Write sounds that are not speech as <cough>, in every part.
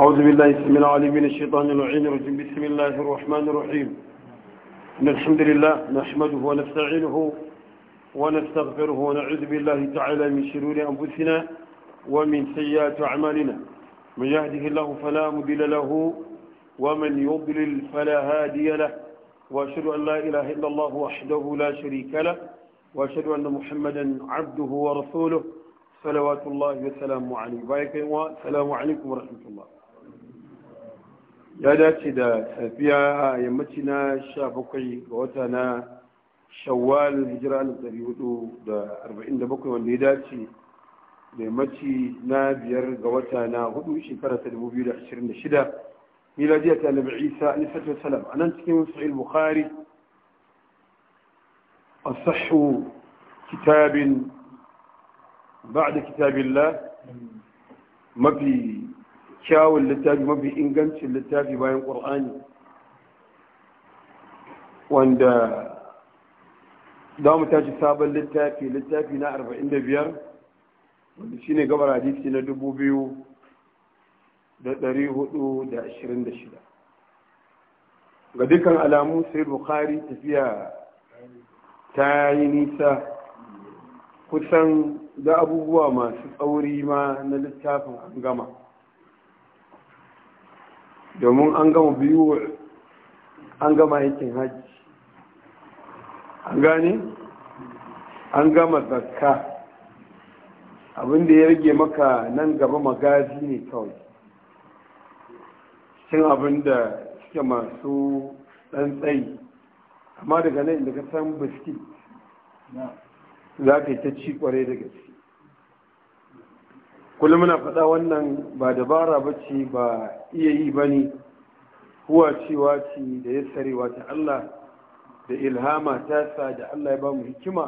أعوذ بالله من العليم من الشيطان العين الرجيم بسم الله الرحمن الرحيم إن الحمد لله نحمده ونستعينه ونستغفره ونعوذ بالله تعالى من شرور أنفسنا ومن سيئات أعمالنا من يهده الله فلا مضل له ومن يضلل فلا هادي له وأشهد أن لا إله إلا الله وحده لا شريك له وأشهد أن محمدا عبده ورسوله صلوات الله وسلامه عليه وعليكم السلام عليكم ورحمة الله ya dace da tafiya a yammaci na 17 ga wata na shawwal hijira bakwai wanda ya dace da yammaci na biyar ga wata na hudu shekara ta 2026 jiya ta nabi isa alisatu wasalam a nan cikin sahih bukhari a كتاب kitabin ba'ad kitabin la mafi. kyawun littafi mafi ingancin littafi bayan ƙur'ani wanda za mu tashi sabon littafi littafi na 45 wanda shi ne gabar hadisi na 2426 ga dukkan alamu sai bukari tafiya ta yi nisa kusan da abubuwa masu tsauri ma na littafin an gama domin an gama biyu an gama aikin hajji an gane an gama zakka abinda ya rage maka nan gaba magazi ne kawai cin abinda suke masu ɗan amma daga nan da ka san biskit za ka yi ta ci kwarai da gaske kullum muna faɗa wannan ba dabara ba ce ba iya yi ba ne huwa cewa ce da ya sarewa ta Allah da ilhama ta sa da Allah ya ba mu hikima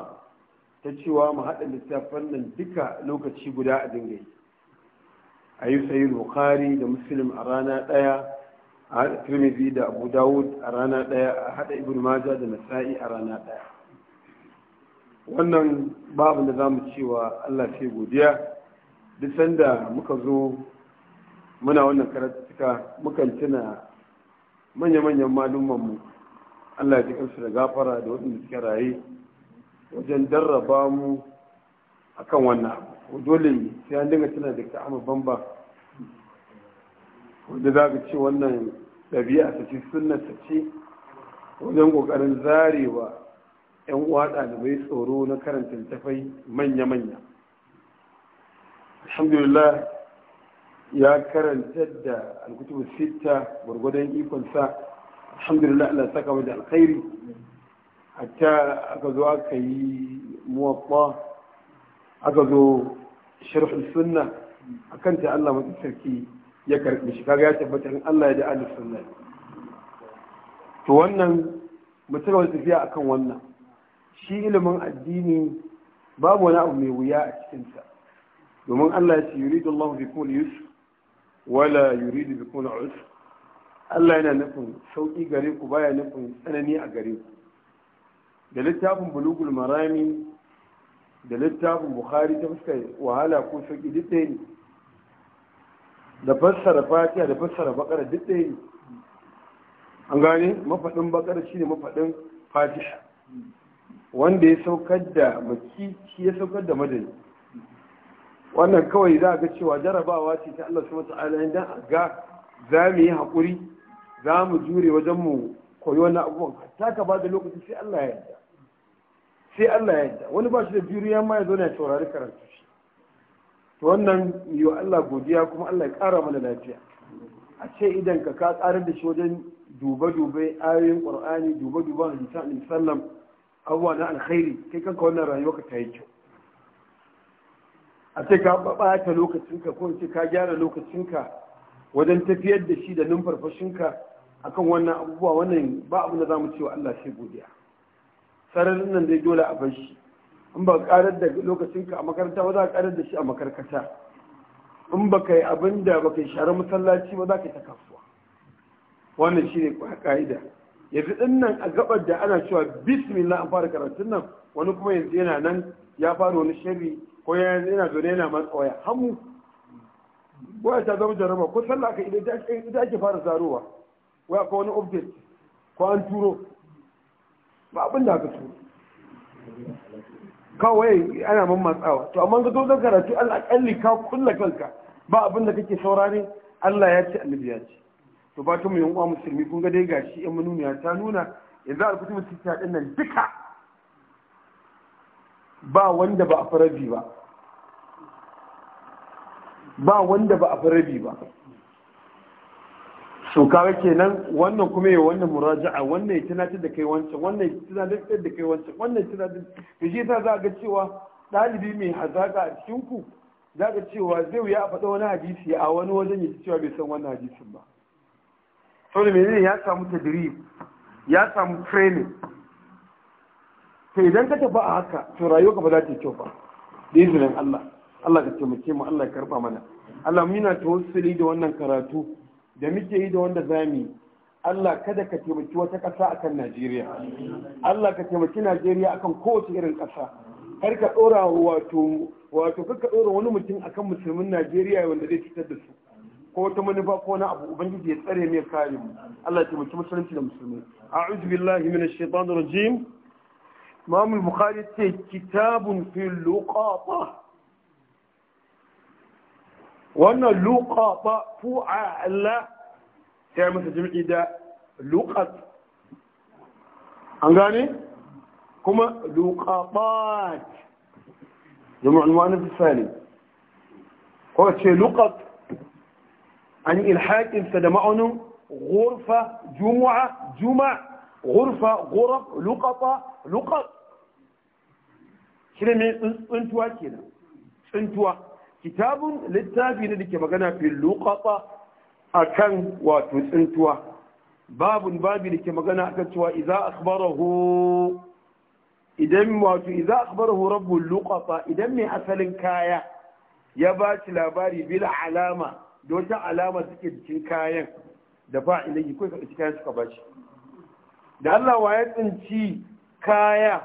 ta cewa mu haɗa littafan nan duka lokaci guda a dinga yi a yi sayi bukari da muslim a rana ɗaya a haɗa tirmidhi da abu dawud a rana ɗaya a haɗa ibn maja da nasa'i a rana ɗaya wannan babu da za mu cewa allah sai godiya duk sanda muka zo muna wannan karatuka mukan tuna manya-manyan malumanmu Allah ya kansu da gafara da waɗanda suka raye wajen darraba mu akan wannan abu dole sai an dinga tuna da ta amma bamba wanda za ka ce wannan ɗabi'a ta ce sunna ta ce wajen ƙoƙarin zarewa 'yan da bai tsoro na karanta littafai manya-manya alhamdulillah ya karantar da alkutubu sita gwargwadon ikonsa alhamdulillah Allah saka da alkhairi hatta aka zo aka yi muwaɓa aka zo sharhul sunna kan ta Allah mutum sarki ya karɓi shi kaga ya tabbata in Allah ya da ahlus sunna to wannan mutum wani tafiya akan wannan shi ilimin addini babu wani abu mai wuya a cikinsa domin Allah ya ce da Allah bi kun yusuf wala da bi kun yusuf Allah yana nufin sauki gare ku baya nufin tsanani a gare ku da littafin bulugul marami da littafin bukhari ta fuskar wahala ko sauki duk ɗaya ne da fassara fatiha da fassara bakara duk ɗaya ne an gane mafaɗin bakara shi ne mafaɗin fatiha wanda ya saukar da maki shi ya saukar da madani wannan kawai za ga cewa jarabawa ce ta Allah subhanahu wata'ala dan a ga za mu yi haƙuri za mu jure wajen mu koyi wannan abubuwan ta ka ba da lokaci sai Allah ya yadda. sai Allah ya yarda wani ba shi da juriya ma ya zo na saurari karatu shi to wannan yi Allah godiya kuma Allah ya ƙara mana lafiya a ce idan ka ka ƙarar da shi wajen dube-dube ayoyin ƙur'ani dube-duben hadisan sallam abubuwa na alkhairi kai kanka wannan rayuwa ka ta yi kyau a ce ka ɓata lokacinka ko ce ka gyara lokacinka wajen tafiyar da shi da numfarfashinka kan wannan abubuwa wannan ba abu da za mu cewa Allah sai godiya sararin nan dai dole a bar shi in ba karar da lokacinka a makaranta ba za ka karar da shi a makarkata in ba ka yi abin da ba ka yi share masallaci ba za ka yi ta kasuwa wannan shi ne ka'ida yanzu din nan a gabar da ana cewa bismillah an fara karatun nan wani kuma yanzu yana nan ya fara wani sharri ko ya yana zo yana matsa waya hamu waya ta zama jaraba ko sallah aka idan ake fara zarowa waya ko wani update ko an turo ba abin da aka turo kawai ana man matsawa to amma ga zo karatu al'akalli ka kulla kanka ba abin da kake saurare Allah ya ce annabi ya ce to ba ta mu yan uwa musulmi kun ga dai gashi yan manuniya ta nuna yanzu alkutu musulmi ta nan duka ba wanda ba a farabi ba ba wanda ba a farabi ba so kaga kenan wannan kuma yi wannan muraja'a wannan ya tunatar da kai wancan wannan ya tunatar da kai wancan wannan ya tunatar da shi yasa za ga cewa ɗalibi mai hazaka a cikin ku za ga cewa zai wuya a faɗa wani hadisi a wani wajen ya cewa bai san wannan hadisin ba saboda menene ya samu tadiri ya samu training to idan ka tafi a haka to rayuwa ba za ta yi kyau ba da izinin Allah Allah ka taimake mu Allah ya karba mana Allah muna tawassuli da wannan karatu da muke yi da wanda zamu yi Allah kada ka taimaki wata ƙasa akan Najeriya Allah ka taimaki Najeriya akan kowace irin ƙasa kar ka dora wato wato kar ka dora wani mutum akan musulmin Najeriya wanda zai fitar da su ko wata manufa ko wani abu ubangiji ya tsare mai kare mu Allah ya taimaki musulunci da musulmai a'udhu billahi minash shaitanir rajim امام البخاري تي كتاب في اللقاطه وان اللقاطه فو اعلى تي مس إذا دا لقط انغاني كما لقاطات جمع عنوان الثاني هو شيء لقط عن الحاج سدمعن غرفه جمعه جمع غرفه غرف لقطه لقط shine mai tsuntuwa nan tsuntuwa kitabun littafi ne da ke magana fi luqata akan wato tsuntuwa babun babi da ke magana akan cewa idza akhbarahu idan wato idza akhbarahu rabbul luqata idan mai asalin kaya ya ba shi labari bil alama da wata alama suke cikin kayan da ba ilahi kai ka cikin kayan suka ba shi da Allah wa ya tsinci kaya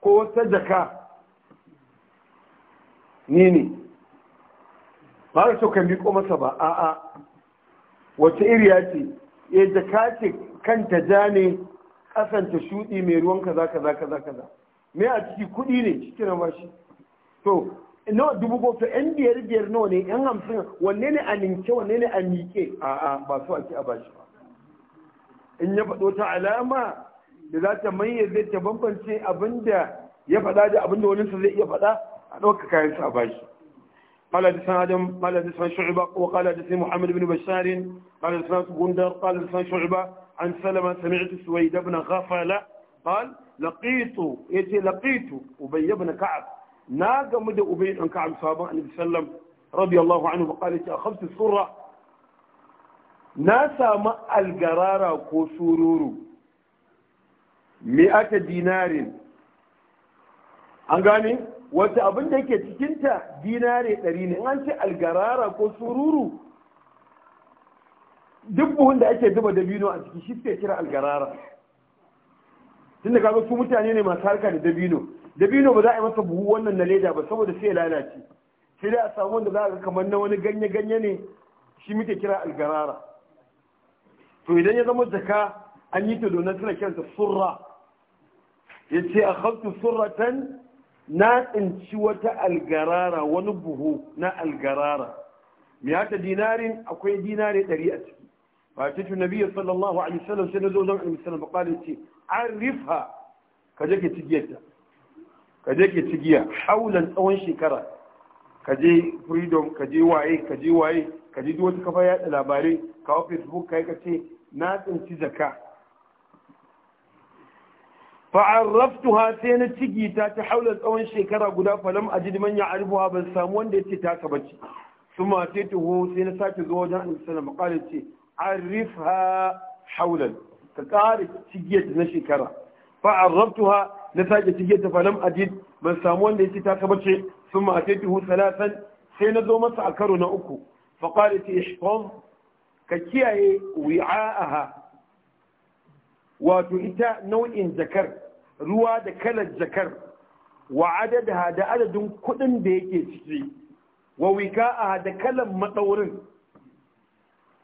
ko wata jaka ni ne ba da so ka miko masa ba a'a wata iriya ce ya eh, jaka ce kanta ja ne kasanta shuɗi mai ruwan kaza kaza kaza kaza me a ciki kuɗi ne ciki na bashi to nawa dubu ko to yan biyar biyar nawa ne yan hamsin wanne ne a ninke wanne ne a miƙe a'a ba su ake a bashi ba in ya faɗo ta alama da za ta maye zai ta bambance abinda ya faɗa da abinda wani zai iya faɗa أدوك كاين ساباش قال حدثنا آدم قال حدثنا شعبة وقال حدثني محمد بن بشار قال حدثنا غندر قال حدثنا شعبة عن سلمة سمعت سويد بن غفلة قال لقيت يجي لقيت أبي بن كعب ناقة مدى أبي بن كعب صحابة النبي صلى الله عليه وسلم رضي الله عنه فقال أخذت السرة ناسا ما القرارة كسرور مئة دينار أنقاني wata abin da yake cikinta dinare ɗari ne an ce algarara ko sururu duk buhun da ake zuba dabino a ciki shi suke kira algarara tun da kaga su mutane ne masu harka da dabino dabino ba za a yi masa buhu wannan na leda ba saboda sai lalace sai da a samu wanda za a ga kamar na wani ganye-ganye ne shi muke kira algarara to idan ya zama jaka an yi ta domin suna kiransa surra ya ce a surratan na tsinci wata algarara wani buhu na algarara miyata dinarin akwai dinari ɗari a ciki ba ta tuna biyu sallallahu alaihi wasallam sai na zo zan alaihi wasallam bakalin ce an rifa ka je ke cigiyarta ka je ke cigiya haulan tsawon shekara ka je freedom ka je waye ka je waye ka je duk wata kafa yaɗa labarai ka kawo facebook ka yi ka ce na tsinci zaka fa'arraftuha sai na cigita ta ta haula tsawon shekara guda falam a ji man ya arifuwa ban samu wanda ya ce ta ka bace sun ma sai tuho sai na sake zuwa wajen annabi sallallahu alaihi wasallam ce ha haulan ka ƙara cigiyarta na shekara fa'arraftuha na sake cigiyarta falam a ji ban samu wanda ya ce ta ka bace sun ma sai tuho salatan sai na zo masa a karo na uku faƙari ce ihfaz ka kiyaye wi'a'aha wato ita nau'in zakar ruwa da kalar zakar wa adadaha da adadin kuɗin da yake ciki wa wika'aha da kalar maɗaurin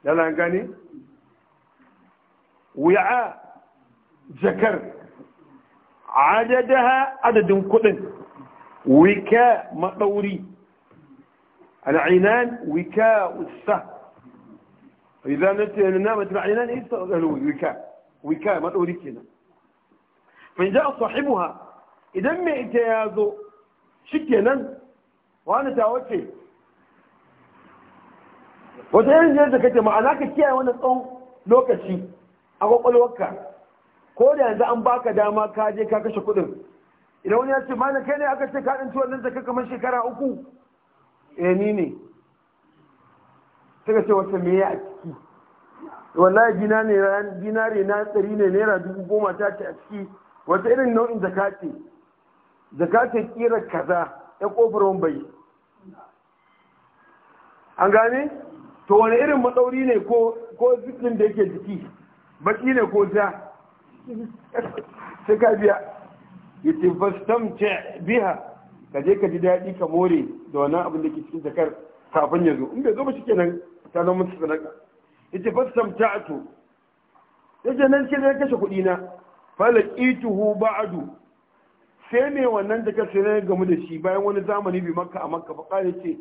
yana gane wi'a zakar adadaha adadin kuɗin wika maɗauri al'inan wika ussa idan na ce na mace al'inan isa wika wika maɗauri kenan fa ja ha idan mai ita ya zo shi nan wani ta wace wata irin jiyar da kake ma'ana ka kiyaye wani tsawon lokaci a kwakwalwarka ko da yanzu an baka dama ka je ka kashe kuɗin idan wani ya ce mana kai ne aka ce ka ɗin tuwon nan zaka shekara uku eh ni ne suka ce wata me ya a ciki wallahi dinare na tsari ne naira dubu goma ta ce a ciki wata irin nau'in zaka ce kira kaza ya kofar bai an gane to wani irin matsauri ne ko zikin da yake jiki baki ne ko ja sai ka biya yace ce ce biha ka ka ji daɗi ka more da wannan abin da ke cikin zakar kafin ya zo in bai zo ba shi ta zama musu sanaka ita fastamta'tu yace nan ce ne kashe kuɗi na falaqituhu ba'du sai me wannan da kashe ne game da shi bayan wani zamani bi makka a makka fa ce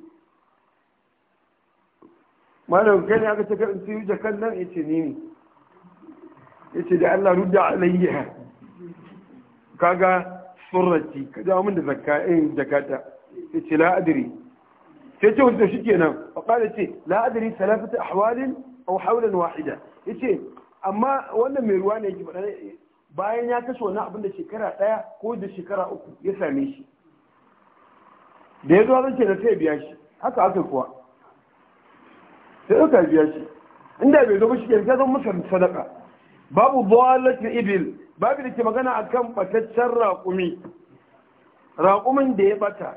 malam kai ne aka ce karin da kan nan yace ni ne yace da Allah rudda alayya kaga surrati ka mun min da zakka in eh, zakata yace la adri sai ce wanda kenan fa qala ce la adri salafatu ahwalin au haulan wahida yace amma wannan mai ruwa ne yake bayan ya kashe wani abin da shekara ɗaya ko da shekara uku ya same shi da ya zo zan ce da sai biya shi haka aka kuwa sai aka biya shi inda bai zo ba shi ya zama masa sadaka babu dalatin ibil babu da ke magana akan bataccen raƙumi raƙumin da ya bata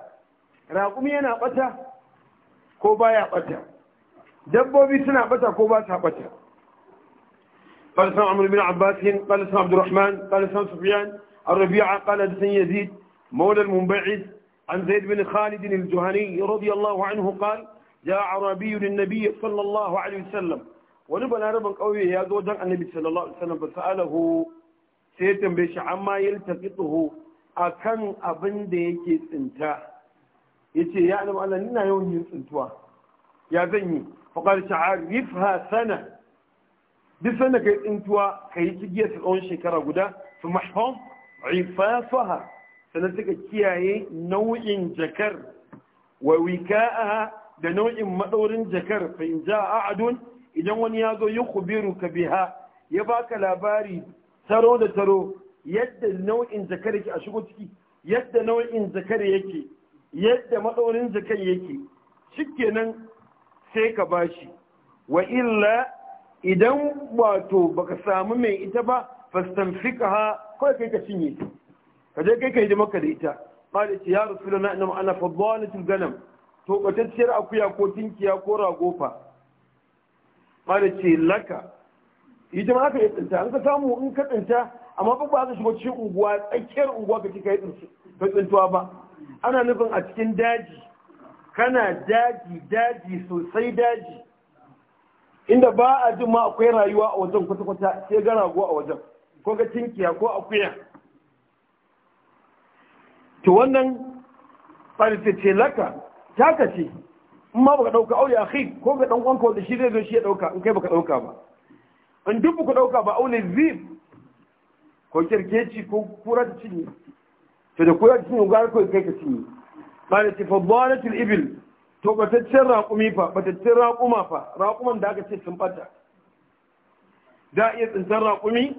raƙumi yana bata ko baya bata dabbobi suna bata ko ba sa bata قال سمع عمرو بن عباس قال سمع عبد الرحمن قال سمع سفيان الربيعة قال حدثني يزيد مولى المنبعث عن زيد بن خالد الجهني رضي الله عنه قال جاء عربي للنبي صلى الله عليه وسلم ونبل عربا قوي يا زوجا النبي صلى الله عليه وسلم فسأله سيتم بيش عما يلتقطه أكن أبن ديكي سنتا يتي يعلم أن لنا يوم ينسنتوا يا زيني faƙar ta'arifha sana duk sanda kai tsintuwa ka yi cigiyar tsawon shekara guda su mahfam rifafaha sannan suka kiyaye nau'in jakar wa wika'aha da nau'in maɗaurin jakar fa in ja a'adun idan wani ya zo yi kubiru ka biha ya baka labari taro da taro yadda nau'in jakar yake a shigo ciki yadda nau'in jakar yake yadda maɗaurin jakar yake shikenan sai ka bashi wa illa idan wato baka samu mai ita ba ha kawai kai ka cinye ta ka je kai ka yi maka da ita qala ya rasuluna inna ana fadalatul ganam to batacciyar akuya ko tinkiya ko ragofa da ce laka ita ma aka yi tsinta an ka samu in ka tsinta amma ba ba ka shigo cikin unguwa tsakiyar unguwa ka ci ka yi tsintuwa ba ana nufin a cikin daji kana daji daji sosai daji inda ba a jin ma akwai rayuwa a wajen kwata-kwata sai gara go a wajen ko ga tinkiya ko akuya to wannan ce laka taka ce in ma baka dauka aure akhi ko ga dan uwanka da shi zai zo shi ya dauka in kai baka dauka ba in duk baka dauka ba aure zib ko kirkeci ko kura da cinye to da kura ta cinye ga kai kai ka cinye قال تفضالت ibil, to bataccen raƙumi fa bataccen raƙuma fa raƙuman da aka ce sun bata da iya tsintar raƙumi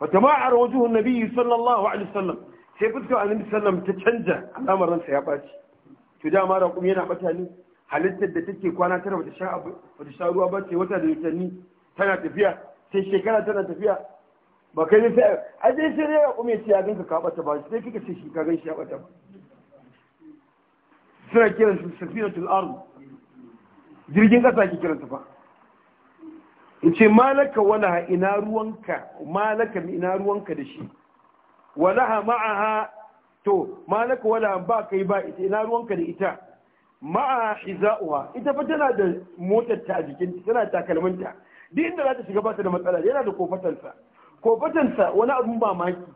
a fatama'ar wajuhun nabiyyi sallallahu alaihi wasallam sai fuskar annabi sallam ta canja alamar ransa ya baci to dama raƙumi yana bata ne halittar da take kwana tara bata sha sha ruwa ba sai wata da watanni tana tafiya sai shekara tana tafiya ba kai ne sai a dai sai raƙumi ya ce ya ganka ka bata ba sai kika ce shi ka gan shi ya bata ba suna kiran su safinatul ardu jirgin kasa ke kiran su fa in ce malaka ha ina ruwanka malaka ina ruwanka da shi walaha ma'aha to malaka ha ba kai ba ita ina ruwanka da ita ma'a hiza'uwa ita fa tana da motar ta a jikin tana takalminta duk inda za ta shiga ba ta da matsala yana da kofatansa kofatansa wani abun ba maki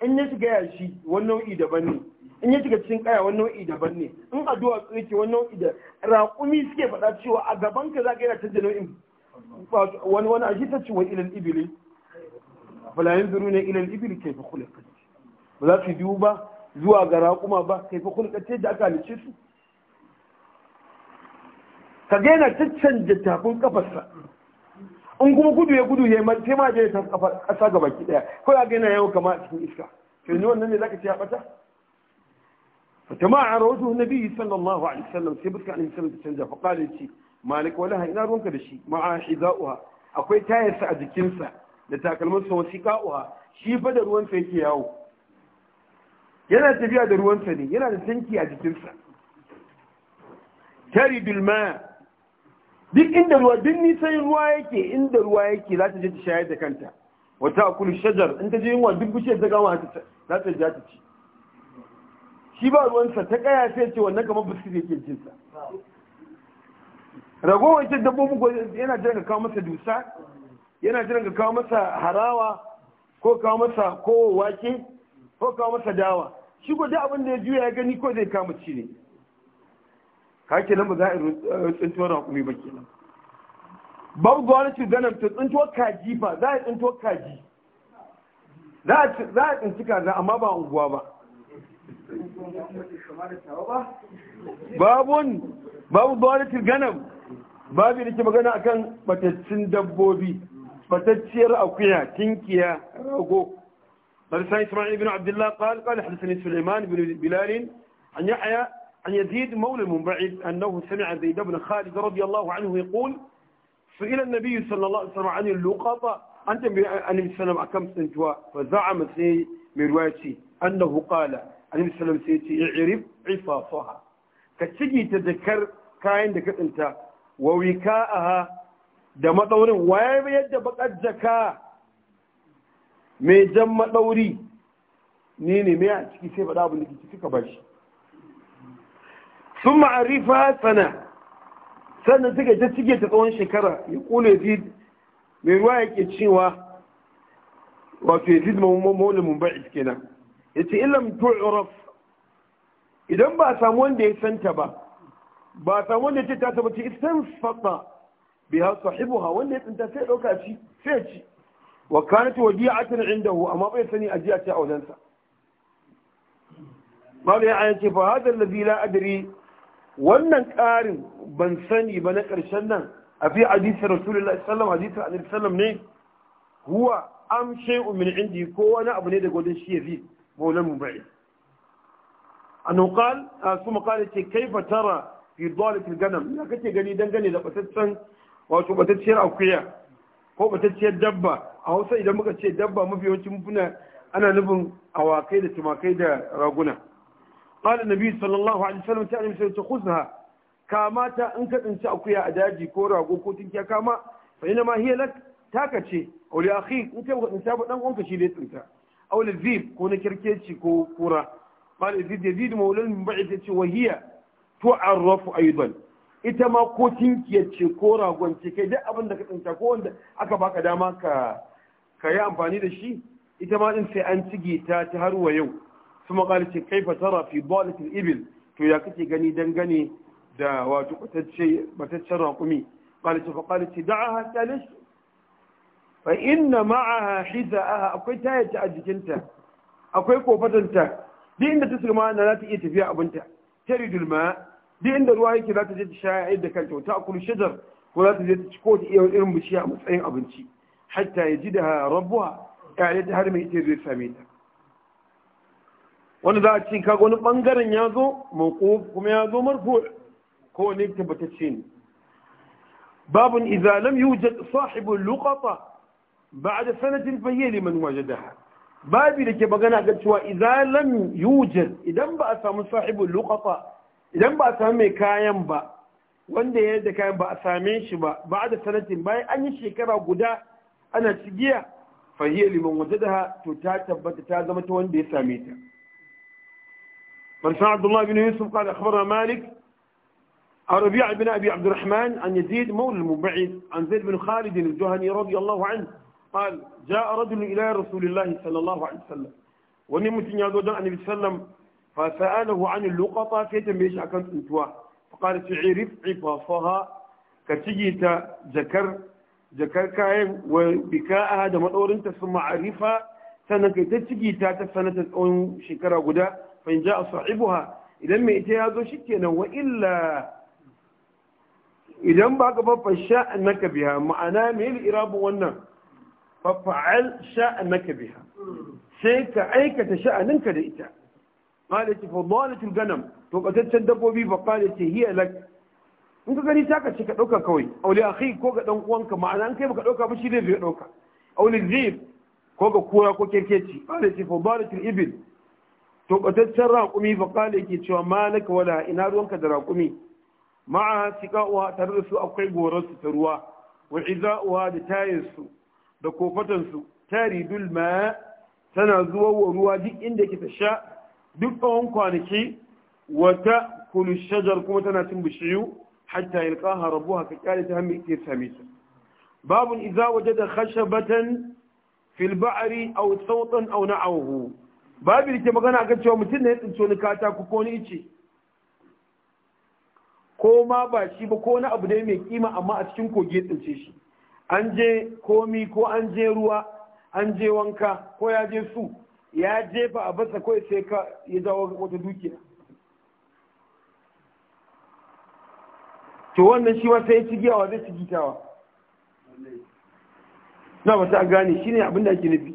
in ya shiga yashi wani nau'i daban ne in ya shiga cikin kaya wani nau'i daban ne in addu'a duwatsu yake wani nau'i da raƙumi suke faɗa cewa a gaban ka za ka yana canza nau'in wani wani a ta ce wa ilal ibili falayen zuru ne ilal ibili kai fa kula ba za su biyu ba zuwa ga raƙuma ba kai fa kula da aka halice su ka ga yana caccanja tafin kafarsa in kuma gudu ya gudu ya yi mace ma je ta kasa ƙasa gaba ki ɗaya ko ya ga yana kama a cikin iska to ni wannan ne za ka ce ya ɓata فتماعر وجه النبي صلى الله عليه وسلم سيبتك عليه وسلم تتنزى فقال لي مالك ولها إنا رونك دشي مع حذاؤها أقوي تايسة أدكنسة لتاكل منسة وسيقاؤها شي بدر وان فيكي ياو yana tafiya da ruwansa ne yana da tanki a jikinsa tari bilma duk inda ruwa duk nisan ruwa yake inda ruwa yake za ta je ta shayar da kanta wata shajar in ta je yunwa duk bishiyar ta za ta ta ci shi ba ruwansa ta kaya sai ce wannan kamar biskit yake ke sa ragowar ce dabbobin ko yana jiran ka kawo masa dusa yana jiran ka kawo masa harawa ko kawo masa kowa wake ko kawo masa dawa shi ko duk abin da ya juya ya gani ko zai kama ci ne ka nan ba za a yi tsintuwar hakumi ba nan. babu gwamnati ganin to tsintuwar kaji ba, za a tsintuwar kaji za a tsinci kaza amma ba unguwa ba babun babu bawaritin ganin babu da ke magana akan batattun dabbobi batacciyar akuya tinkiya rago barisani isma'il ibn abdullah qalqal hadisani sulaiman ibn bilal an yahya an yazid maula min ba'id annahu sami'a zaid ibn khalid radiyallahu anhu yaqul su'ila an-nabi sallallahu alaihi wasallam 'anil luqata anta bi an-nabi sallallahu alaihi wasallam akam sintwa fa za'ama sayy mirwati annahu qala annabi sallam sai ce i'rib ifafaha ka cigita jakar kayan da ka tsinta wa wika'aha da madaurin waye yadda bakar jaka mai jan madauri ne ne mai a ciki sai faɗa abin da ke ciki ka bashi sun ma'arifa sana sannan suka ta cike ta tsawon shekara ya kula fi mai ruwa ya ke cewa wato yazid maulin mumbai kenan yace illam tu'raf idan ba a samu wanda ya santa ba ba a samu wanda ya ce ta saba ce istan faɗa bi ha sahibuha wanda ya tsinta sai ɗauka ci sai ci wa kanat inda hu, amma bai sani ajiya ce a wajensa mawla ya ce fa hada allazi la adri wannan ƙarin ban sani ba na ƙarshen nan a fi hadisi rasulullahi sallallahu alaihi wasallam hadisi annabi sallam ne huwa am shay'un min indi ko wani abu ne daga wajen shi ya yazid هو لم يبعد أنه قال ثم قال كيف ترى في ضالة الغنم لا كتي غني دنغني da bataccen wato batacciyar akuya ko batacciyar dabba a Hausa idan muka ce dabba mafi yawanci muna ana nufin awakai da tumakai da raguna qala nabi sallallahu alaihi wasallam ta annabi ta khuzha kama ta in ka tsinci akuya a daji ko rago ko tinkiya kama fa ina ma hiya lak taka ce auli akhi in kai baka tsinta ba dan uwanka shi ne tsinta aw lazib ko na kirkeci ko kura qala yazid yazid maulal min ba'd yace wa ita ma ko tinkiyar ce ko ragon ce kai duk abin da ka tsinta ko wanda aka baka dama ka ka yi amfani da shi ita ma din sai an cige ta ta har wa yau su maƙali ce kaifa tara fi dalatil ibil to ya kake gani dangane da wato kwatacce mataccen raƙumi qala ce fa qala ce da'aha talish fa inna ma'aha hiza'aha akwai tayarta a jikinta akwai kofatanta duk inda ta sirma na za ta iya tafiya abinta taridul ma duk inda ruwa yake za ta je ta shayar da kanta ta akulu shajar ko za ta je ta ci ko ta iya irin bishiya a matsayin abinci hatta ya ji da rabuwa yare ta har mai ita zai same ta wanda za a ce kaga wani bangaren ya zo kuma ya zo marfu ko ne tabbatacce ne babun idza yujad sahibul luqata بعد سنة فهي لمن وجدها بابي لك بغنى قد شوى إذا لم يوجد إذا ما أسام صاحب اللقطة إذا ما أسام كايم با وند يد كايم با أسامين شبا بعد سنة باي أني شكرا قدا أنا تجيه فهي لمن وجدها تتاتب تتازم توان بيساميتا فرسان عبد الله بن يوسف قال أخبرنا مالك ربيع بن أبي عبد الرحمن عن يزيد مول المبعث عن زيد بن خالد الجهني رضي الله عنه قال جاء رجل إلى رسول الله صلى الله عليه وسلم wani mutum ya zo don annabi sallam fa sa'alahu an luqata sai tambaye shi akan tsuntuwa fa qala tu'rif ifasaha ka cige ta jakar jakar kayan wa bika'aha da madaurin ta sun ma'arifa sannan kai ta ta ta sanata tsawon shekara guda fa in ja'a sahibuha idan mai ita ya zo wa illa idan ba ka ba fa sha'annaka ma'ana irabu wannan fafa'al sha'anaka biya. sai ka aikata sha'aninka da ita malai ce fadalatul ganam to kataccen dabbobi ba kare ce hiya lak in ka gani saka ce ka ɗauka kawai auli akhi ko ga ɗan uwanka ma'ana an kai ba ka ɗauka ba shi ne zai ɗauka. auli zib ko ga kura ko kirkeci malai ce fadalatul ibil to kataccen raƙumi ba kare ke cewa malaka wala ina ruwanka da raƙumi ma'a uwa tare da su akwai su ta ruwa wa uwa da su? da kofatansu tari dulma tana zuwa wa ruwa duk inda ke ta sha duk tsawon kwanaki wata kulu shajar kuma tana cin bishiyu hatta yalqaha rabbuha ka kyale ta hammi ke same ta babun idza wajada khashabatan fil ba'ri aw sawtan aw na'ahu babu ke magana kan cewa mutum ne ya tsinci wani katako ko ni ice ko ma ba shi ba ko wani abu da mai kima amma a cikin kogi ya tsince shi an je komi ko an je ruwa an je wanka ko ya je su ya jefa a basa ko sai ka ya dawo wata dukiya to wannan shi sai ya cigiya wa zai cigitawa na ba ta gane ne abin da ake nufi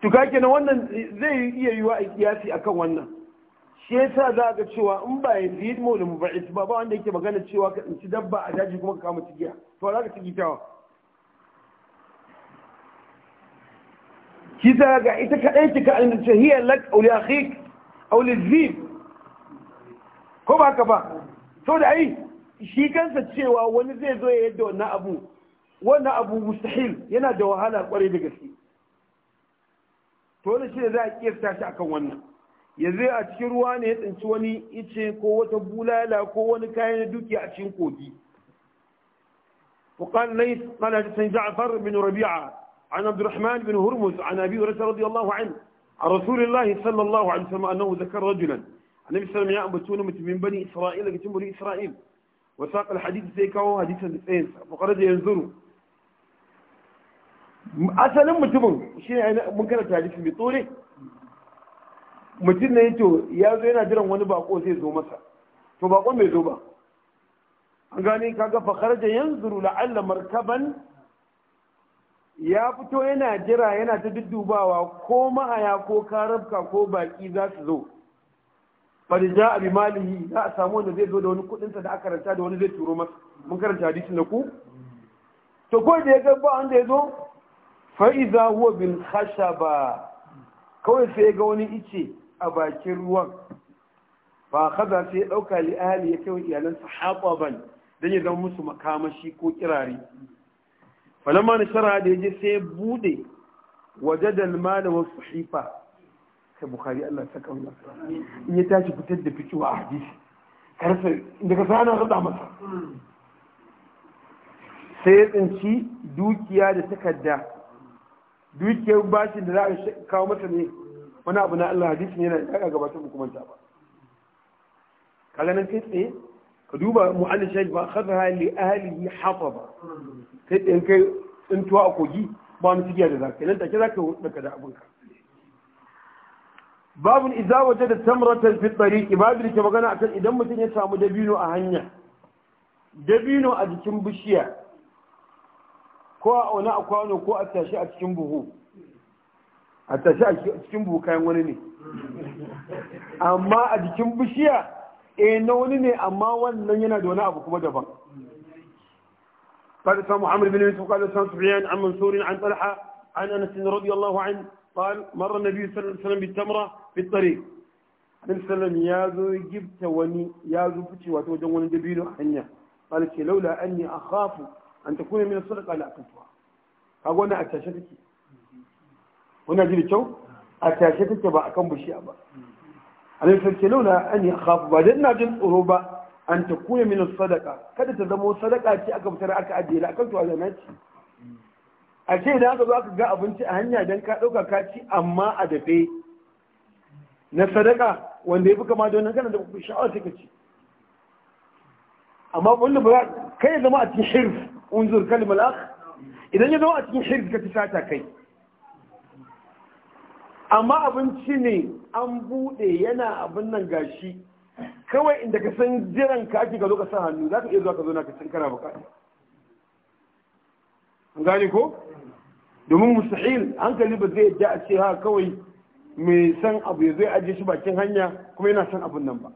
to kake wannan zai iya yiwa a kiyasi akan wannan shi yasa za ga cewa in ba yazid mu mu ba ba ba wanda yake magana cewa ka ɗanci dabba a daji kuma ka kama cigiya to za ka cigi tigitawa shi ta ga ita kadai ki ka inda ce hiyar lak auli akhik auli ko ba ka ba to da ai shi kansa cewa wani zai zo ya yadda wannan abu wannan abu mustahil yana da wahala kwarai da gaske to wani shi ne za a kiyasta shi akan wannan ya zai a cikin ruwa ne ya tsinci wani ice ko wata bulala ko wani kayan dukiya a cikin kogi وقال ليس قال حدثني جعفر بن ربيعة عن عبد الرحمن بن هرمز عن أبي هريرة رضي الله عنه عن رسول الله صلى الله عليه وسلم أنه ذكر رجلا النبي صلى الله عليه وسلم من بني إسرائيل قتم بني إسرائيل وساق الحديث سيكاو حديثا سينسا فقال ينظروا أسأل متمن شيء من كانت حديث بطوله mutum na yi to ya zo yana jiran wani bako zai zo masa to bakon bai zo ba an gane kaga fa yanzu yanzuru la'alla markaban ya fito yana jira yana ta duddubawa ko mahaya ko karabka ko baki za su zo farija a malihi za a samu wanda zai zo da wani kudinsa da aka ranta da wani zai turo masa mun karanta hadisin da ku to ko da ya ga ba wanda ya zo Fa'iza huwa bil khashaba kawai sai ga wani ice a bakin ruwan ba kaza sai ɗauka li ahali ya kai wa iyalansa ban don ya zama musu makamashi ko kirare falamma na shara da yaje sai bude waje da malama wasu hifa sai bukari allah ta kauna in ya tashi fitar da fikiwa a hadisi karfe inda ka sana rada masa sai ya tsinci dukiya da takarda dukiyar bashin da za a kawo masa ne wani abu na Allah ne yana ya gabatar mu kuma ta ba kaga nan kai tsaye ka duba mu'allif shaykh ba khadha li ahlihi ba. kai tsaye kai tuwa a kogi ba mu tigiya da zaka nan take ka daka da abinka babun idza wajada tamratan fi tariqi babu da ke magana akan idan mutum ya samu dabino a hanya dabino a jikin bishiya ko a wani a kwano ko a tashi a cikin buhu a tashi a cikin bukayen wani ne amma a jikin bishiya eh na wani ne amma wannan yana da wani abu kuma daban قال سمع عمرو بن يوسف قال سمع سفيان عن منصور عن طلحه عن انس رضي الله عنه قال مر النبي صلى الله عليه وسلم بالتمره في الطريق النبي صلى الله عليه وسلم يا ذو جبت وني يا ذو فتي وتوجن وني دبينو حنيا قال لولا اني اخاف ان تكون من الصدقه لا كنتها اقول انا اتشتكي wannan ji da kyau a tashe take ba akan bishiya ba alaihi sarki launa an yi akhafu ba dan na jin tsoro ba an ta kuya sadaka kada ta zamo sadaka ce aka fitar aka ajiye akan to azana ce a ce idan aka zo aka ga abinci a hanya dan ka dauka ka amma a dafe na sadaka wanda ya fi kama da wannan kana da sha'awar sai ka ci amma wanda ba kai ya zama a cikin hirf unzur kalimul akh idan ya zama a cikin hirf ka ci sata kai amma abinci ne an buɗe yana abin nan gashi kawai inda ka san jiran ka ake ka ka sa hannu za ka iya zuwa ka zo na ka cin kana bukata an gane ko domin mustahil hankali ba zai yadda a ce ha kawai mai san abu ya zai ajiye shi bakin hanya kuma yana san abun nan ba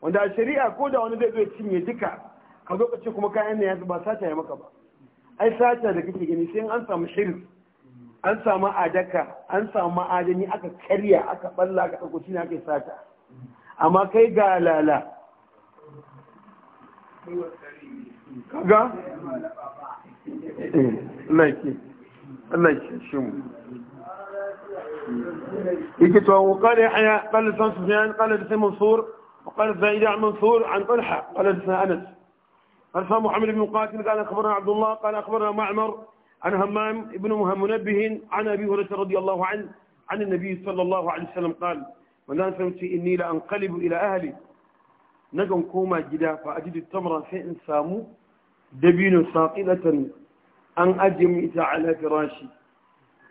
wanda a shari'a ko da wani zai zo ya cinye duka ka zo ka ce kuma kayan ne ya ba sata ya maka ba ai sata da kake gani sai an samu shirin an samu adaka an samu ma'adani aka karya aka balla aka ɗauko shi ne aka sata amma kai ga lala kaga Allah ke shi mu yake to wa aya yahya qala san sufyan qala da sai mansur qala zaid an mansur an talha qala da anas قال محمد بن قاتل قال اخبرنا عبد الله قال اخبرنا معمر عن همام بن منبه عن أبي هريرة رضي الله عنه عن النبي صلى الله عليه وسلم قال ولا سمتي إني لأنقلب إلى أهلي نجم كوما جدا فأجد التمر شيء سامو دبين ساقلة أن أجمئت على فراشي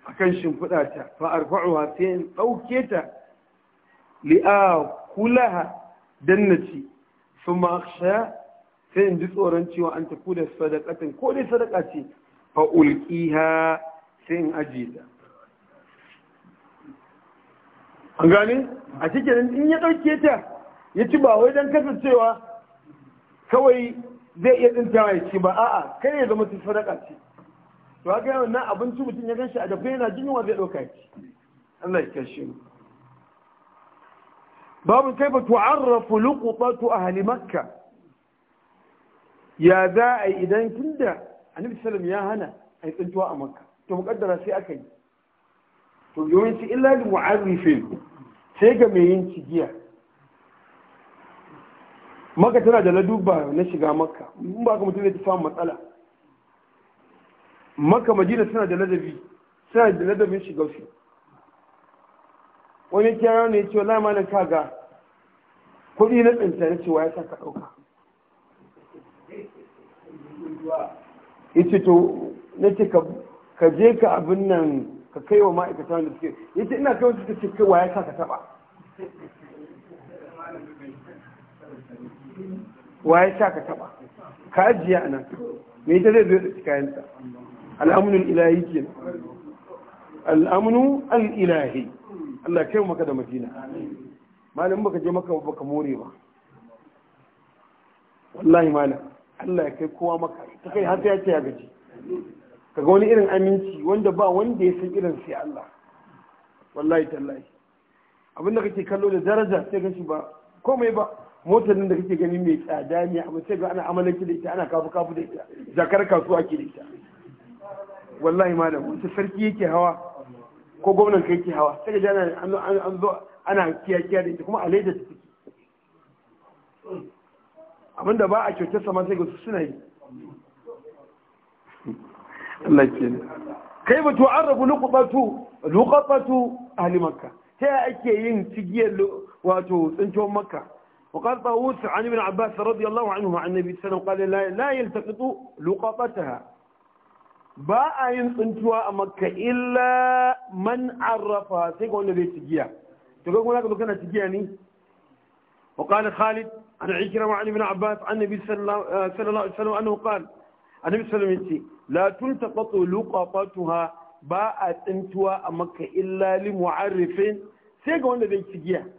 أكن شنفلاتا فأرفعها سين أو كيتا لآكلها دنتي ثم أخشى سين جزء رنتي وأن تكون صدقة كل صدقة fa ulqiha sai in ajiye ta an gane a cikin in ya ɗauke ta ya ci ba wai don kasancewa kawai zai iya tsinta ya ci ba a'a kai ya zama su faɗaƙa ce to haka yawan nan abinci mutum ya gan shi a dafa yana jin yunwa zai ɗauka ci Allah ya kashe mu babu kai ba tu'arrafu luqubatu ahli makka ya za a idan kinda annabi sallam ya hana a yi tsintuwa a makka to muƙaddara sai aka yi to shi illa da mu'arrifin sai ga mai yin cigiya Makka tana da laduba na shiga makka in ba ka mutum zai ta samu matsala Makka madina suna da ladabi suna da ladabin shiga su wani kira ne ce wallahi malam ka ga kuɗi na tsinta na cewa ya sa ka ɗauka yace to na ce ka je ka abin nan ka kai wa ma'aikatan da suke yace ina kai wanda suke kai wa ya sa ka taba wa ya sa ka taba ka ajiya anan me ita zai zo da kayan ta al'amnul ilahi kenan al'amnu al'ilahi Allah kai maka da madina malam baka je maka baka more ba wallahi malam Allah ya kai kowa maka ta kai har ya ce ya gaji kaga wani irin aminci wanda ba wanda ya san irin sai Allah wallahi tallahi abin da kake kallo da daraja sai gashi ba komai ba motar nan da kake gani mai tsada ne amma sai ga ana amalanki da ita ana kafu kafu da ita zakar kasuwa ke da ita wallahi malam wata sarki yake hawa ko gwamnan kai ke hawa sai ga jana an zo ana kiyakiya da ita kuma a leda ta abinda ba a kyautar sama sai ga su suna yi kai ba to an rabu lukubatu lukubatu ahli makka ta ake yin cigiyar wato tsinciyar makka وقال طاووس عن ابن عباس رضي الله عنه عن النبي صلى الله عليه وسلم قال لا يلتقط لقطتها باء ينتوا مكة إلا من عرفها سيقول النبي تجيا تقول هناك كنا تجيها ني وقال خالد عن عكرمة وعن ابن عباس عن النبي صلى الله عليه وسلم أنه قال النبي صلى الله عليه وسلم لا تلتقط لقطتها باء انتوا أمك إلا لمعرفين سيقول لدي wanda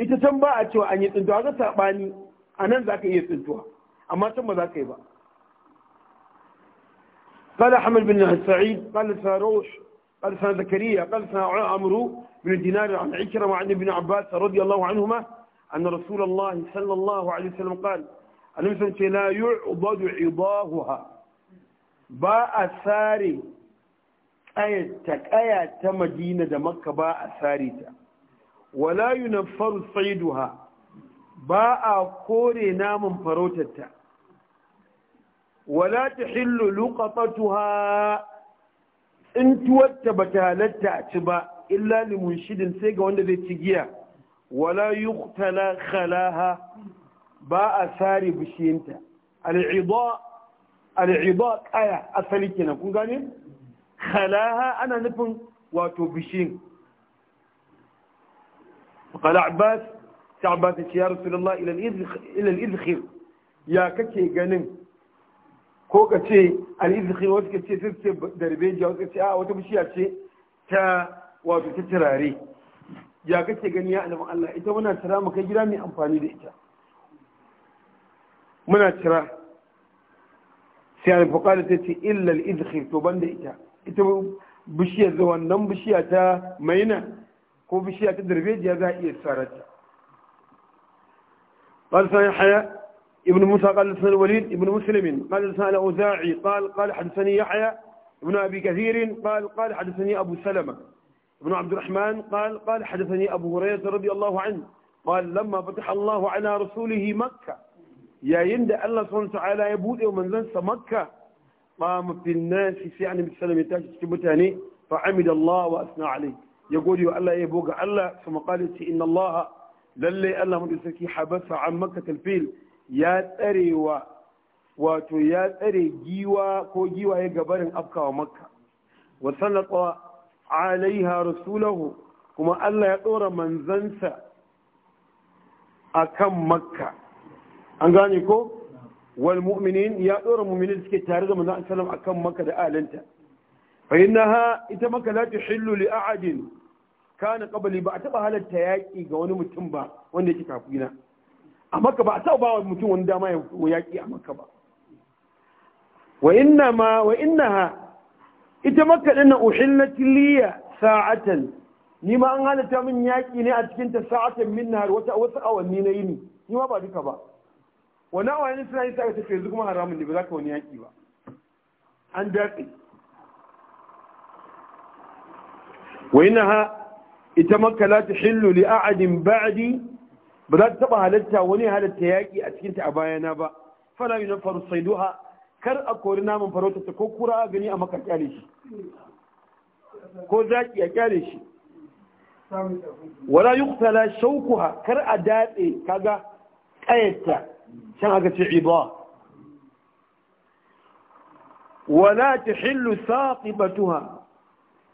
إذا تم باءت ita can ba a cewa an yi tsintuwa ga saɓani a قال حمد بن سعيد قال سنة روش قال سنة زكريا قال سنة عمرو بن دينار عن عكرمة عن ابن عباس رضي الله عنهما أن رسول الله صلى الله عليه وسلم قال النبي لا يعضد عضاهها باء ساري أية مدينة مكة باء ساريتا ولا ينفر صيدها باء كوري نام فروتتا ولا تحل لقطتها انت وتبتالتا ba illa li munshidin sai ga wanda zai ci wala yuqtala khalaha ba a sare bishiyinta al'ida al'ida kaya asali kenan kun gane khalaha ana nufin wato bishiyin قال عباس تعبات يا رسول الله إلى الإذخر إلى الإذخر يا كتي جنن ko ka ce al'izikin wasu ka ce sai ce darbejiya wasu ka ce a wata bishiya ce ta wato ta turare ya kake gani ya annabin Allah ita muna tara mu kai gida mai amfani da ita muna tara sai an fuqala ta ce illa al-idkhir to banda ita ita bishiyar da wannan bishiya ta maina ko bishiya ta darbejiya za a iya sarata قال سنة حياة ابن موسى قال لسان الوليد ابن مسلم قال لسان الأوزاعي قال قال حدثني يحيى ابن أبي كثير قال قال حدثني أبو سلمة بن عبد الرحمن قال قال حدثني أبو هريرة رضي الله عنه قال لما فتح الله على رسوله مكة يا يند الله سبحانه وتعالى يبود يوم ننسى مكة قام في الناس في عن السلام يتاج تبتاني فعمد الله وأثنى عليه يقول يا الله يبوغ الله ثم قال إن الله للي الله يسكي حبس عن مكة الفيل يا تري و يا تري جيوا كو جيوا هي gabarin أبكى ومكة وسنة alaiha rasulahu kuma Allah ya ɗora manzansa akan makka an gane ko wal mu'minin ya ɗora mu'minin suke tare da manzan salam a kan makka da alinta fa ha ita makka la tuhillu li a'adin kana qabli ba a taba halatta yaki ga wani mutum ba wanda yake kafina a makka ba a taba ba mutum wani dama ya yaki a makka ba wa inna ma wa ha? ita makka ɗin na uhillat liya sa'atan ni ma an halatta min yaƙi ne a cikin ta sa'atan min nahar wata wasu awanni na yini ni ma ba duka ba wani awanni suna yi sa'a ta yanzu kuma haramun ne ba za ka wani yaƙi ba an daɗe wa ha ita makka la ta hillu li a'adin ba'adi ba za ta taɓa halatta wani halatta yaƙi a cikin ta a bayana ba fala sai saiduha kar a kori naman farautarsa ko kura a gani a maka kyale shi ko zaki a kyale shi wala yuqtala shawkuha kar a datse kaga kayata can aka ce iba wala tahillu saqibatuha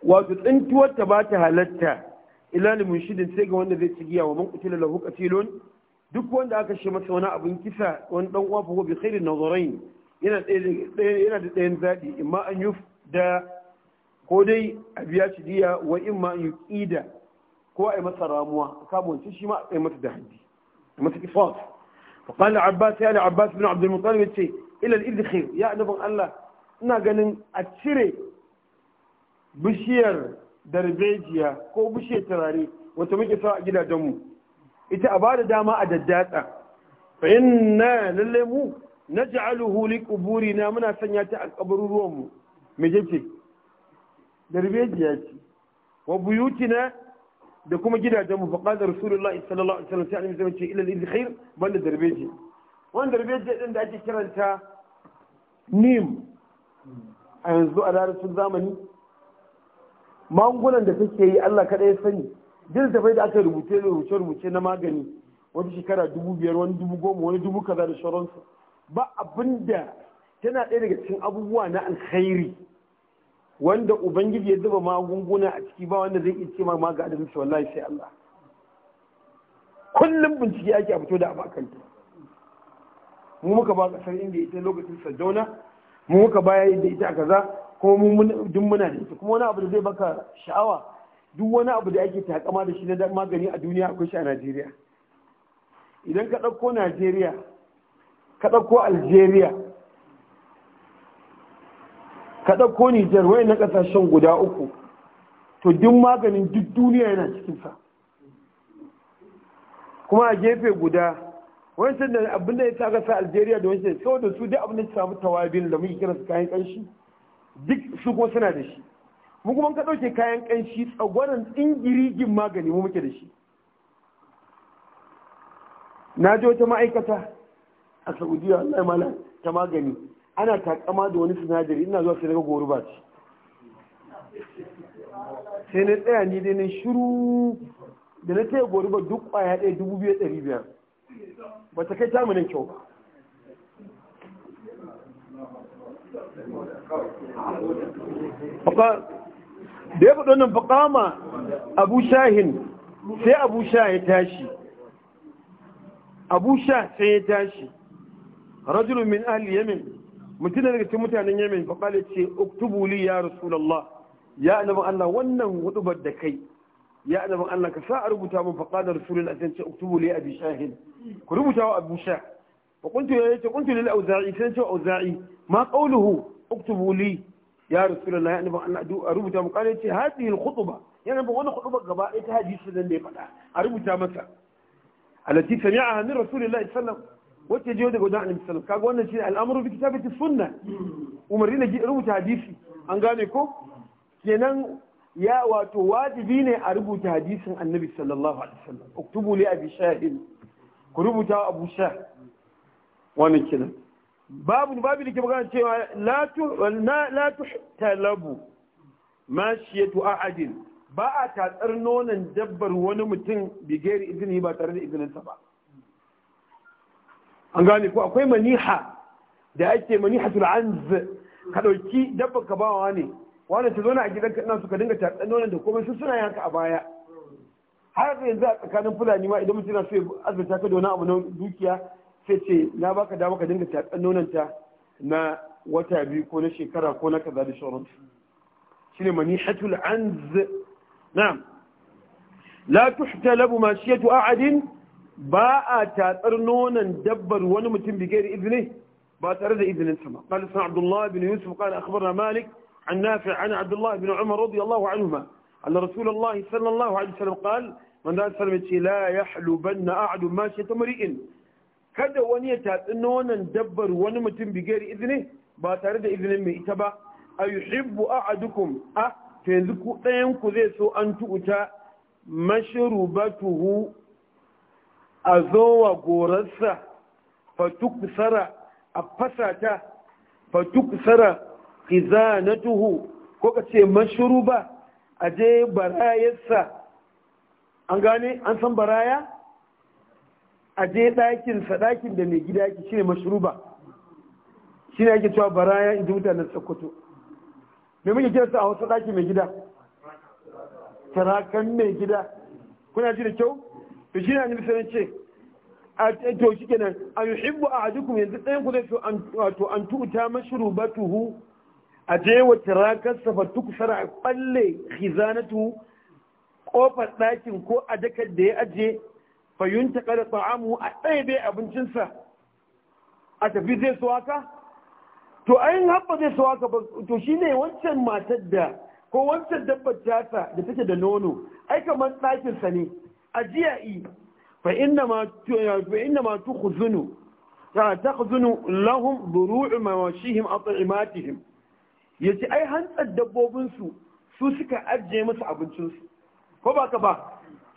wato tsintuwar ta ba ta halatta ila limunshidin sai ga wanda zai ci giya wa man qutila lahu qatilun duk wanda aka shi masa wani abin kisa wani dan uwa fa bi khairin nazarai yana da ɗayan zaɗi imma an yi da ko dai a biya shi diya wa imma an yi ƙida ko a yi masa ramuwa a kama wancan shi ma a yi masa da hajji a masa da فقال العباس يا العباس بن عبد المطلب ce إلى الإدخير ya نبغ Allah ina ganin a cire bishiyar darbejiya ko bishiyar turare wata muke sa a gidajenmu ita a ba da dama a daddatsa fa inna lalle mu naj'aluhu liquburina muna sanya ta a kabururuwan mu me yake darbejiya ce wa buyutina da kuma gidajen mu fa qala rasulullah sallallahu alaihi wasallam sai annabi ce ila al-khair bal darbeji wannan darbeji din da ake kiranta nim a yanzu a darasin zamani magungunan da take yi Allah kada ya sani Jin da da aka rubuce rubuce rubuce na magani wata shekara dubu biyar wani dubu goma wani dubu kaza da sauransu ba abinda tana ɗaya daga cikin abubuwa na alkhairi wanda ubangiji ya zuba magunguna a ciki ba wanda zai iya ce ma ga adadin shi wallahi sai Allah kullum bincike ake a fito da abu akan ta mu muka ba kasar inda ita lokacin sajauna mu muka baya da ita a kaza kuma mu duk muna da ita kuma wani abu da zai baka sha'awa duk wani abu da ake takama da shi na magani a duniya akwai shi a Najeriya idan ka ɗauko Najeriya ka ko algeria ka ko nijar wai na ƙasashen guda uku to duk maganin duk duniya yana cikinsa kuma a gefe guda wancan da abin da ya taga sa algeria da wancan saboda su duk abin da samu tawabin da muke kira su kayan ƙanshi duk su ko suna da shi mu kuma ka ɗauke kayan ƙanshi tsagwaron ingirigin magani mu muke da shi na ji wata ma'aikata a saudiya Allah mala ta magani ana takama da wani sinadari ina zuwa sai daga goruba ce sai na tsaya ni dai na shiru da na taya goruba duk kwaya ɗaya dubu biyu ɗari biyar ba ta kai tamunan kyau ba da ya faɗo nan faƙama abu shahin sai abu sha ya tashi abu sha sai ya tashi rajulun min ahli yamin mutum daga cikin mutanen yamin fa qala ce uktubu li ya rasulallah ya annabin Allah wannan hudubar da kai ya annabin Allah ka sa a rubuta mun fa qala rasulullah sai ce uktubu li abi shahin ku rubuta wa abu shah fa kuntu ya ce kuntu lil auza'i sai ce auza'i ma qawluhu uktubu li ya rasulullah ya annabin Allah a rubuta mu qala ce hadhihi al khutba yana ba wani khutba gaba ɗaya ta hadisi da ne faɗa a rubuta masa التي سمعها من رسول الله صلى الله wacce jiyo daga wajen annabi sallallahu kaga wannan shine al'amru bi kitabati sunna umarni na rubuta hadisi an gane ko kenan ya wato wajibi ne a rubuta hadisin annabi sallallahu alaihi wasallam uktubu li abi shahin ku rubuta abu shah wannan kenan babu babu da ke magana cewa la tu la tu talabu mashiyatu ahadin ba a tatsar nonon dabbar wani mutum bi bigeri izini ba tare da izininsa ba an gane ko akwai maniha da ake manihatul anz ka dauki dabba ka bawa ne wani ta zauna a gidan ka ina suka dinga tatsan nonon da komai sun suna yanka a baya har yanzu a tsakanin fulani ma idan mutum na so ya azurta ka da abu na dukiya sai ce na baka dama ka dinga tatsan nonon ta na wata biyu ko na shekara ko na kaza da shine manihatul anz na'am la tuhtalabu mashiyatu a'adin ba a tatsar nonon dabbar wani mutum bige da izini ba tare da izinin sama qala san abdullah ibn yusuf qala akhbarna malik an nafi an abdullah ibn umar radiyallahu anhuma rasulullah sallallahu alaihi wasallam man da sallam la ma shi tamri'in kada wani ya tatsi nonon dabbar wani mutum bige izini ba tare da izinin mai ita ba ayuhibbu a'adukum a ah, to yanzu ku ɗayan ku zai so an tu'uta mashrubatuhu a zo wa gorarsa fatukusara a fasata fatukusara tuhu ko ka ce ba a je barayarsa an gane an san baraya a je ɗakinsa ɗakin da mai gida yake shine mashruba shine yake cewa baraya inda mutanen sokoto me muke kiransa a wasu ɗakin mai gida tarakan mai gida kuna ji da kyau to shi ne a sai ce a to shi kenan a yi yuhibbu ahadukum yanzu ɗayan ku zai to an wato an ba tuhu?" a je wa tirakar sa fatuk sara balle khizanatu kofar ɗakin ko a dakar da ya aje fayunta kada ta'amu a ɗaya bai abincinsa a tafi zai so haka to ayin haɓa zai so haka ba to shine wancan matar da ko wancan dabbar tasa da take da nono ai kamar ɗakinsa ne ajiya i fa inna ma fa inna ma tukhzunu ta takhzunu lahum duru'u mawashihim ai hantsar dabbobin su su suka ajiye musu abincin su ko ba ka ba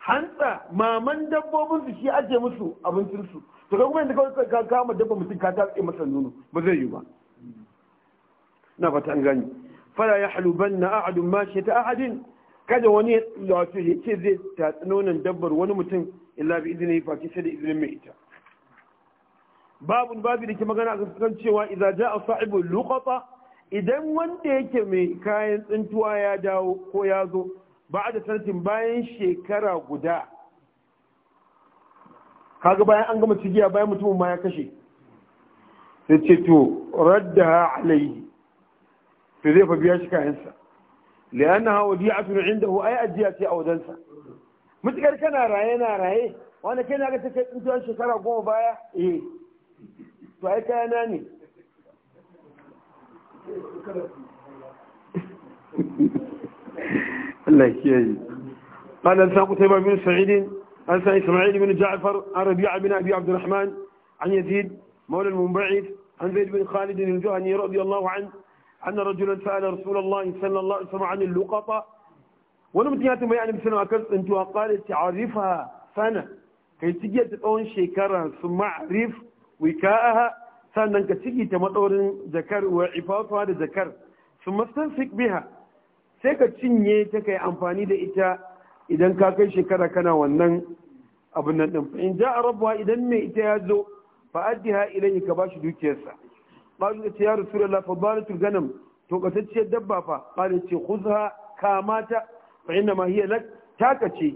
hantsa maman dabbobin su shi ajiye musu abincin su to ga kuma inda ka kama dabba mutum ka ta masa nono ba zai yi ba na fata an gani fala ya haluban na ta ahadin kada wani wato ya zai tatsi nonon dabbar wani mutum illa bi izini ki sai da izinin mai ita babun babu da ke magana a kan cewa idza ja'a sa'ibu luqata idan wanda yake mai kayan tsintuwa ya dawo ko ya zo ba da sanatin bayan shekara guda kaga bayan an gama cigiya bayan mutumin ma ya kashe sai ce to radda alaihi to zai fa biya shi kayansa li'annaha wadi'atun indahu ay ajiya ce a wajensa mutukar kana raye na raye wanda kai na ga take tsintuwar shekara goma baya eh to ai kayana ne الله يكيه قال أنسان قتيبة بن سعيد أنسان إسماعيل بن جعفر عن ربيعة بن أبي عبد الرحمن عن يزيد مولى المنبعث عن زيد بن خالد الجهني رضي الله عنه أن رجلا سأل رسول الله صلى الله عليه وسلم عن اللقطة wani mutum ya tambayi annabi sallallahu alaihi wasallam akan tsintuwa qala ta'rifa sana kai cigiyar ta tsawon shekara su ma'rif wika'aha sannan ka cigi ta madaurin zakar wa ifafa da zakar su mastansik biha sai ka cinye ta kai amfani da ita idan ka kai shekara kana wannan abin nan din in ja'a rabbuha idan mai ita ya zo fa addiha ilayhi ka bashi dukiyarsa qalu ta ya rasulullah fa balatul ganam to ka tacciyar dabba fa qala ce khuzha kamata fa inna ma hiya lak taka ce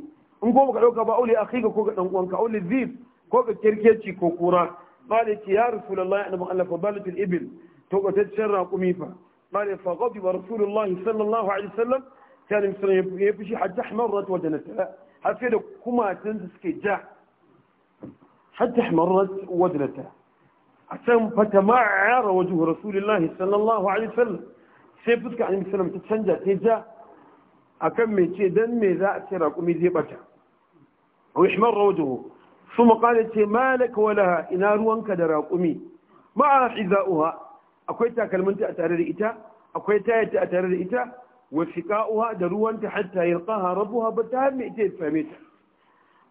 in ko baka dauka ba auli akhika ko ga dan uwanka auli zif ko ka kirkeci ko kura bale ki ya rasulullahi annabi Allah fa ibil to ga taccen raqumi fa bale fa ghadi wa rasulullahi sallallahu alaihi wasallam kana musulmi ya fushi hatta فتمعر وجه رسول الله صلى الله عليه وسلم سيفتك عن النبي صلى تيجا akan mai ce dan mai za a ce raƙumi zai bata wishman rawajahu su muƙala ce malaka walaha ina ruwanka da raƙumi ma'a hiza'uha akwai takalminta a tare da ita akwai tayata a tare da ita wa shiqa'uha da ruwanta hatta ƙaha rabbuha ba ta me ita ya same ta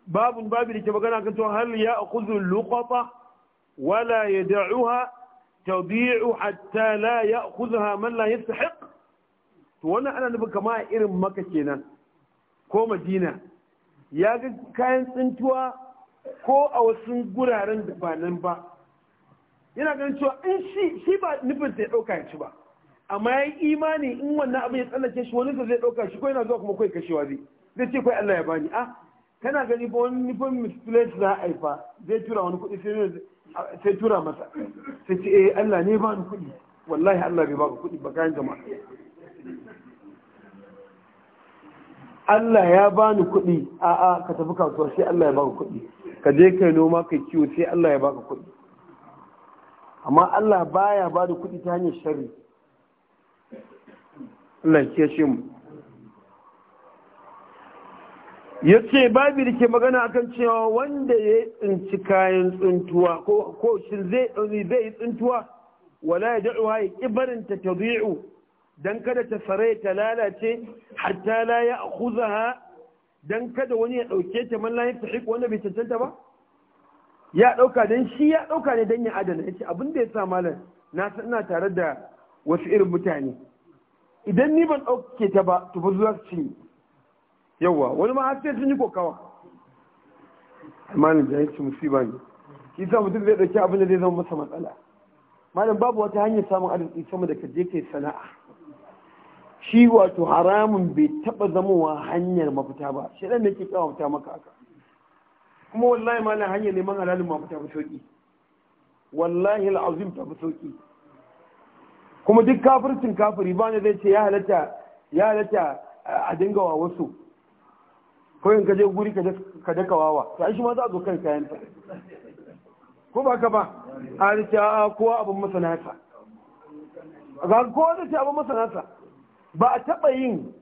babun babu da ke magana kan cewa har ya akhudhu luqata wala ta tadi'u hatta la ya'khudha man la to wannan ana nufin kama a irin maka kenan ko madina ya ga kayan tsintuwa ko a wasu guraren da ba nan ba yana ganin cewa in shi shi ba nufin sai ɗauka shi ba amma ya yi imani in wannan abin ya tsallake shi wani zai ɗauka shi ko yana zuwa kuma kai kashewa zai zai ce kai Allah ya bani ah kana gani ba wani nufin misplaced za a haifa zai tura wani kuɗi sai tura masa sai ce eh Allah ne ba ni kuɗi wallahi Allah bai baka kuɗi ba kayan jama'a Allah ya bani kuɗi a a ka tafi kasuwa sai Allah ya baka kuɗi ka je kai noma kai kiwo sai Allah ya baka kuɗi amma Allah baya ba kuɗi ta hanyar shari Allah ya ce mu ya ce babu da ke magana kan cewa wanda ya tsinci kayan tsuntuwa ko shi zai yi tsuntuwa wala ya da'uwa ya ƙibarinta ta zui'u don kada ta sarai ta lalace hatta la ya akuzaha don kada wani ya ɗauke ta man layin fahimta, wanda bai cancanta ba ya ɗauka don shi ya ɗauka ne don ya adana ya ce abin da ya sa malam na san ina tare da wasu irin mutane idan ni ban ɗauke ta ba to ba zuwa su ci yawa wani ma har sai sun yi kokawa malam jahilci musiba ne shi sa mutum zai ɗauki abin da zai zama masa matsala malam babu wata hanyar samun arziki sama da ka je kai sana'a shi wato haramun bai taba zamowa hanyar mafita ba shi ne ke kawo mafita maka haka kuma wallahi ma na hanyar neman halalin mafita ba sauki wallahi al'azim ta ba sauki kuma duk kafircin kafiri ba ne zai ce ya halatta ya halatta a dinga wa wasu ko in ka je guri ka daka wawa Sai shi ma za a zo kan kayan ta ko ba ka ba a rike a kowa abin masanata za kowa zai ce abin masanata ba a taɓa yin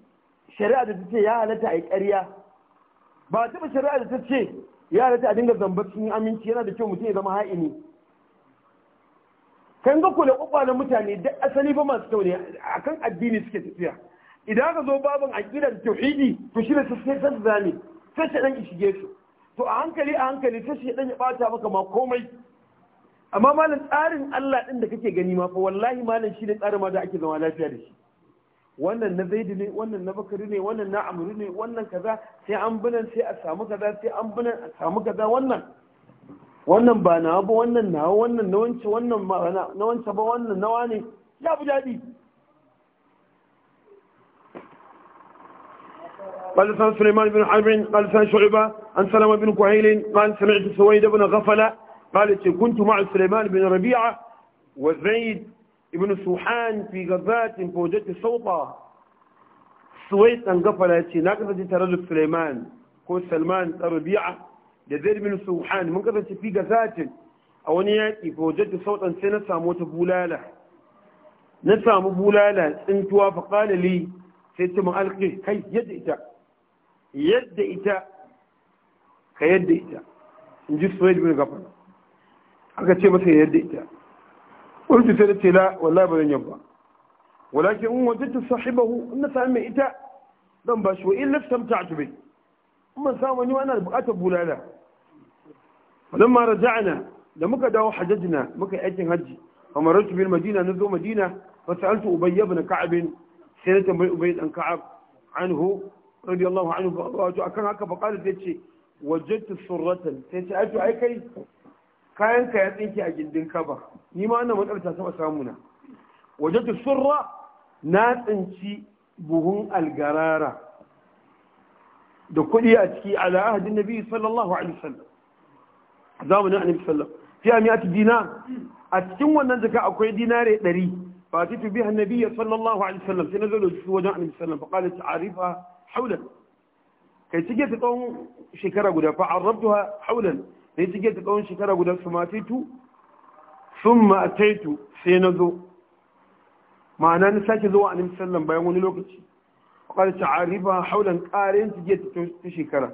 shari'a da ta ce ya halatta a yi ƙarya ba a taɓa shari'a da ta ce ya halatta a dinga zamba cikin aminci yana da kyau mutum ya zama ha'ini kan ga kula na mutane da asali ba masu kyau ne a kan addini suke tafiya idan aka zo babin aƙida da tauhidi to shi ne sassai ta zane sai shi ɗan ishige su to a hankali a hankali sai shi dan ya ɓata maka ma komai amma malam tsarin Allah ɗin da kake gani ma fa wallahi malam shi ne tsarin ma da ake zama lafiya da shi wannan na zaidu ne wannan na bakari ne wannan na amuru ne wannan kaza sai an binan sai a samu kaza sai an binan a samu kaza wannan wannan ba nawa ba wannan nawa wannan na wance wannan na wance ba wannan nawa ne ya bu dadi قال سان سليمان بن حرب قال سان شعبة عن سلمة بن كهيل قال سمعت سويد بن غفلة قال كنت مع سليمان بن ربيعة وزيد ابن سوحان في غزات فوجت صوتا سويتا قفل هاتي نقفت ترجب سليمان كو سلمان تربيع لذير من سوحان من قفت في غزات أوني يأتي فوجت صوتا سنسا موت بولالة نسا مبولالة انت وافقال لي سيتم ألقي كي يد إتا يد إتا كي يد إتا نجي سويت من قفل أكتب سيد إتا ƙultu sai da ce ba zan yi wajen ta na sami ita zan ba shi wa in lafsam ta bulala lamma raja'na da muka dawo hajjajina muka yi aikin hajji amaratu madina na zo madina fa sa'altu ubay ibn ka'ab sai na tambayi ubay dan anhu akan haka fa qala sai ce wajadtu kayan ka ya tsinke a gindin kaba ni ma wannan matsalar ta saba samu na ta surra na tsinci buhun algarara da kuɗi a ciki ala ahadin nabi sallallahu alaihi wasallam zamanin annabi sallallahu fi amiyati dina a cikin wannan zaka akwai dinare 100 fa titu biha nabi sallallahu alaihi wasallam sai nazo da su wajen annabi sallallahu alaihi wasallam fa qala ta'arifa hawlan kai cike ta tsawon shekara guda fa arabtuha haulan. sai cike ta tsawon shekara guda su mataitu sun mataitu sai na zo ma'ana na sake zuwa a nemi sallan bayan wani lokaci kwakwar ta ba haulan ƙarin cike ta ta shekara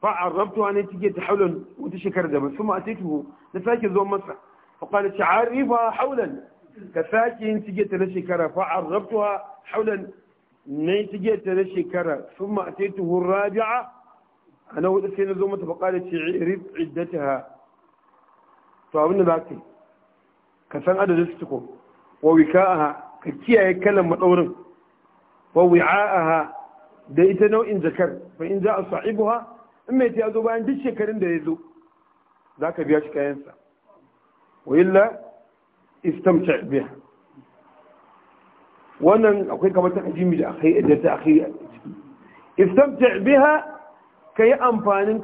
fa a rabtuwa ne cike ta haulan wata shekara daban sun mataitu na sake zuwa masa kwakwar ta ba haulan ka sake yin cike ta na shekara fa a rabtuwa haulan na yi cike ta na shekara sun mataitu rabi'a a na hudu sai na zo mata faƙa da ce rif iddata ha to abin da za ka yi ka san adadin su tuko wa wika'aha ka kiyaye kalan maɗaurin wa wi'a'aha da ita nau'in zakar fa in za a ha, in mai ta zo bayan duk shekarun da ya zo za ka biya shi kayansa wa illa istamta biya wannan akwai kamar ta ajimi da akai da ta akai istamta biha ka yi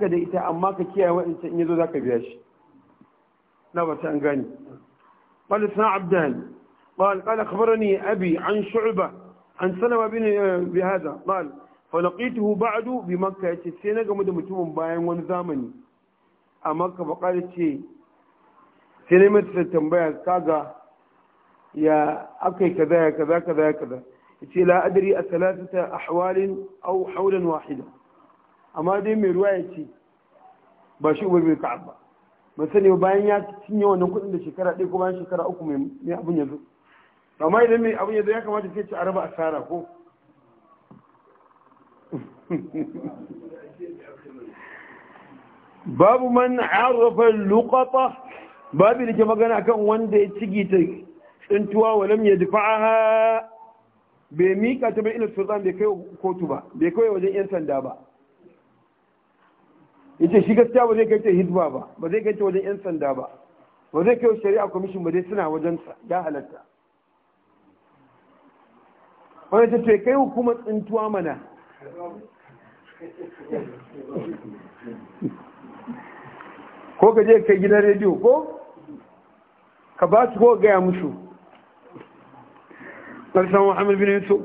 ka da ita amma ka kiyaye wa'ancan yanzu za ka biya shi na ba ta gani wadda suna abdan ɓal ƙala kafar ne abi an shu'uba an sana ba eh, bi haza ɓal falakitu hu ba'adu bi makka ya ce sai na gamu da mutumin bayan wani zamani a makka ba ƙala ce sai na mata ta tambaya kaga ya akai kaza ya kaza kaza ya kaza ya ce la'adari a talatata a hawalin au haulan wahida amma dai mai ruwa ya ce ba shi ubai bai ka'ab ba ba sani bayan ya cinye wannan kuɗin da shekara ɗaya ko bayan shekara uku mai abin yanzu amma idan mai abin yanzu ya kamata sai ci a raba asara ko <laughs> babu man arrafa luqata babu da ke magana kan wanda ya cigi ta tsintuwa walam ya difa'aha bai mika ta bai ila sultan bai kai kotu ba bai kai wajen yan sanda ba yace shi gaskiya ba zai kai ta hizba ba ba zai kai ta wajen yan sanda ba ba zai kai shari'a commission ba dai suna wajen sa ya halatta wani ta ce kai hukumar tsintuwa mana ko ka je ka gidan rediyo ko ka ba su ko gaya musu ɗarsan muhammad bin yusuf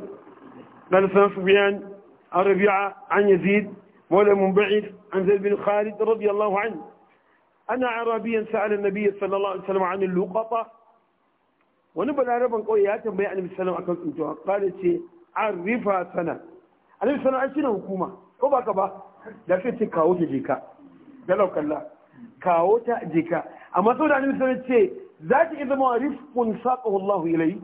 ɗarsan sufiyan arabiya an yazid mun mubai'id عن زيد بن خالد رضي الله عنه أن أعرابيا سأل النبي صلى الله عليه وسلم عن اللقطة ونبل عربا قوي يا تنبي عن النبي صلى الله عليه وسلم قال شيء عرفها سنة النبي صلى الله عليه وسلم حكومة ko ba ka ba da sai ce kawo ta jika da laukalla kawo ta jika amma sau da annabi ce za ta iya zama rifqun saqahu Allahu ilai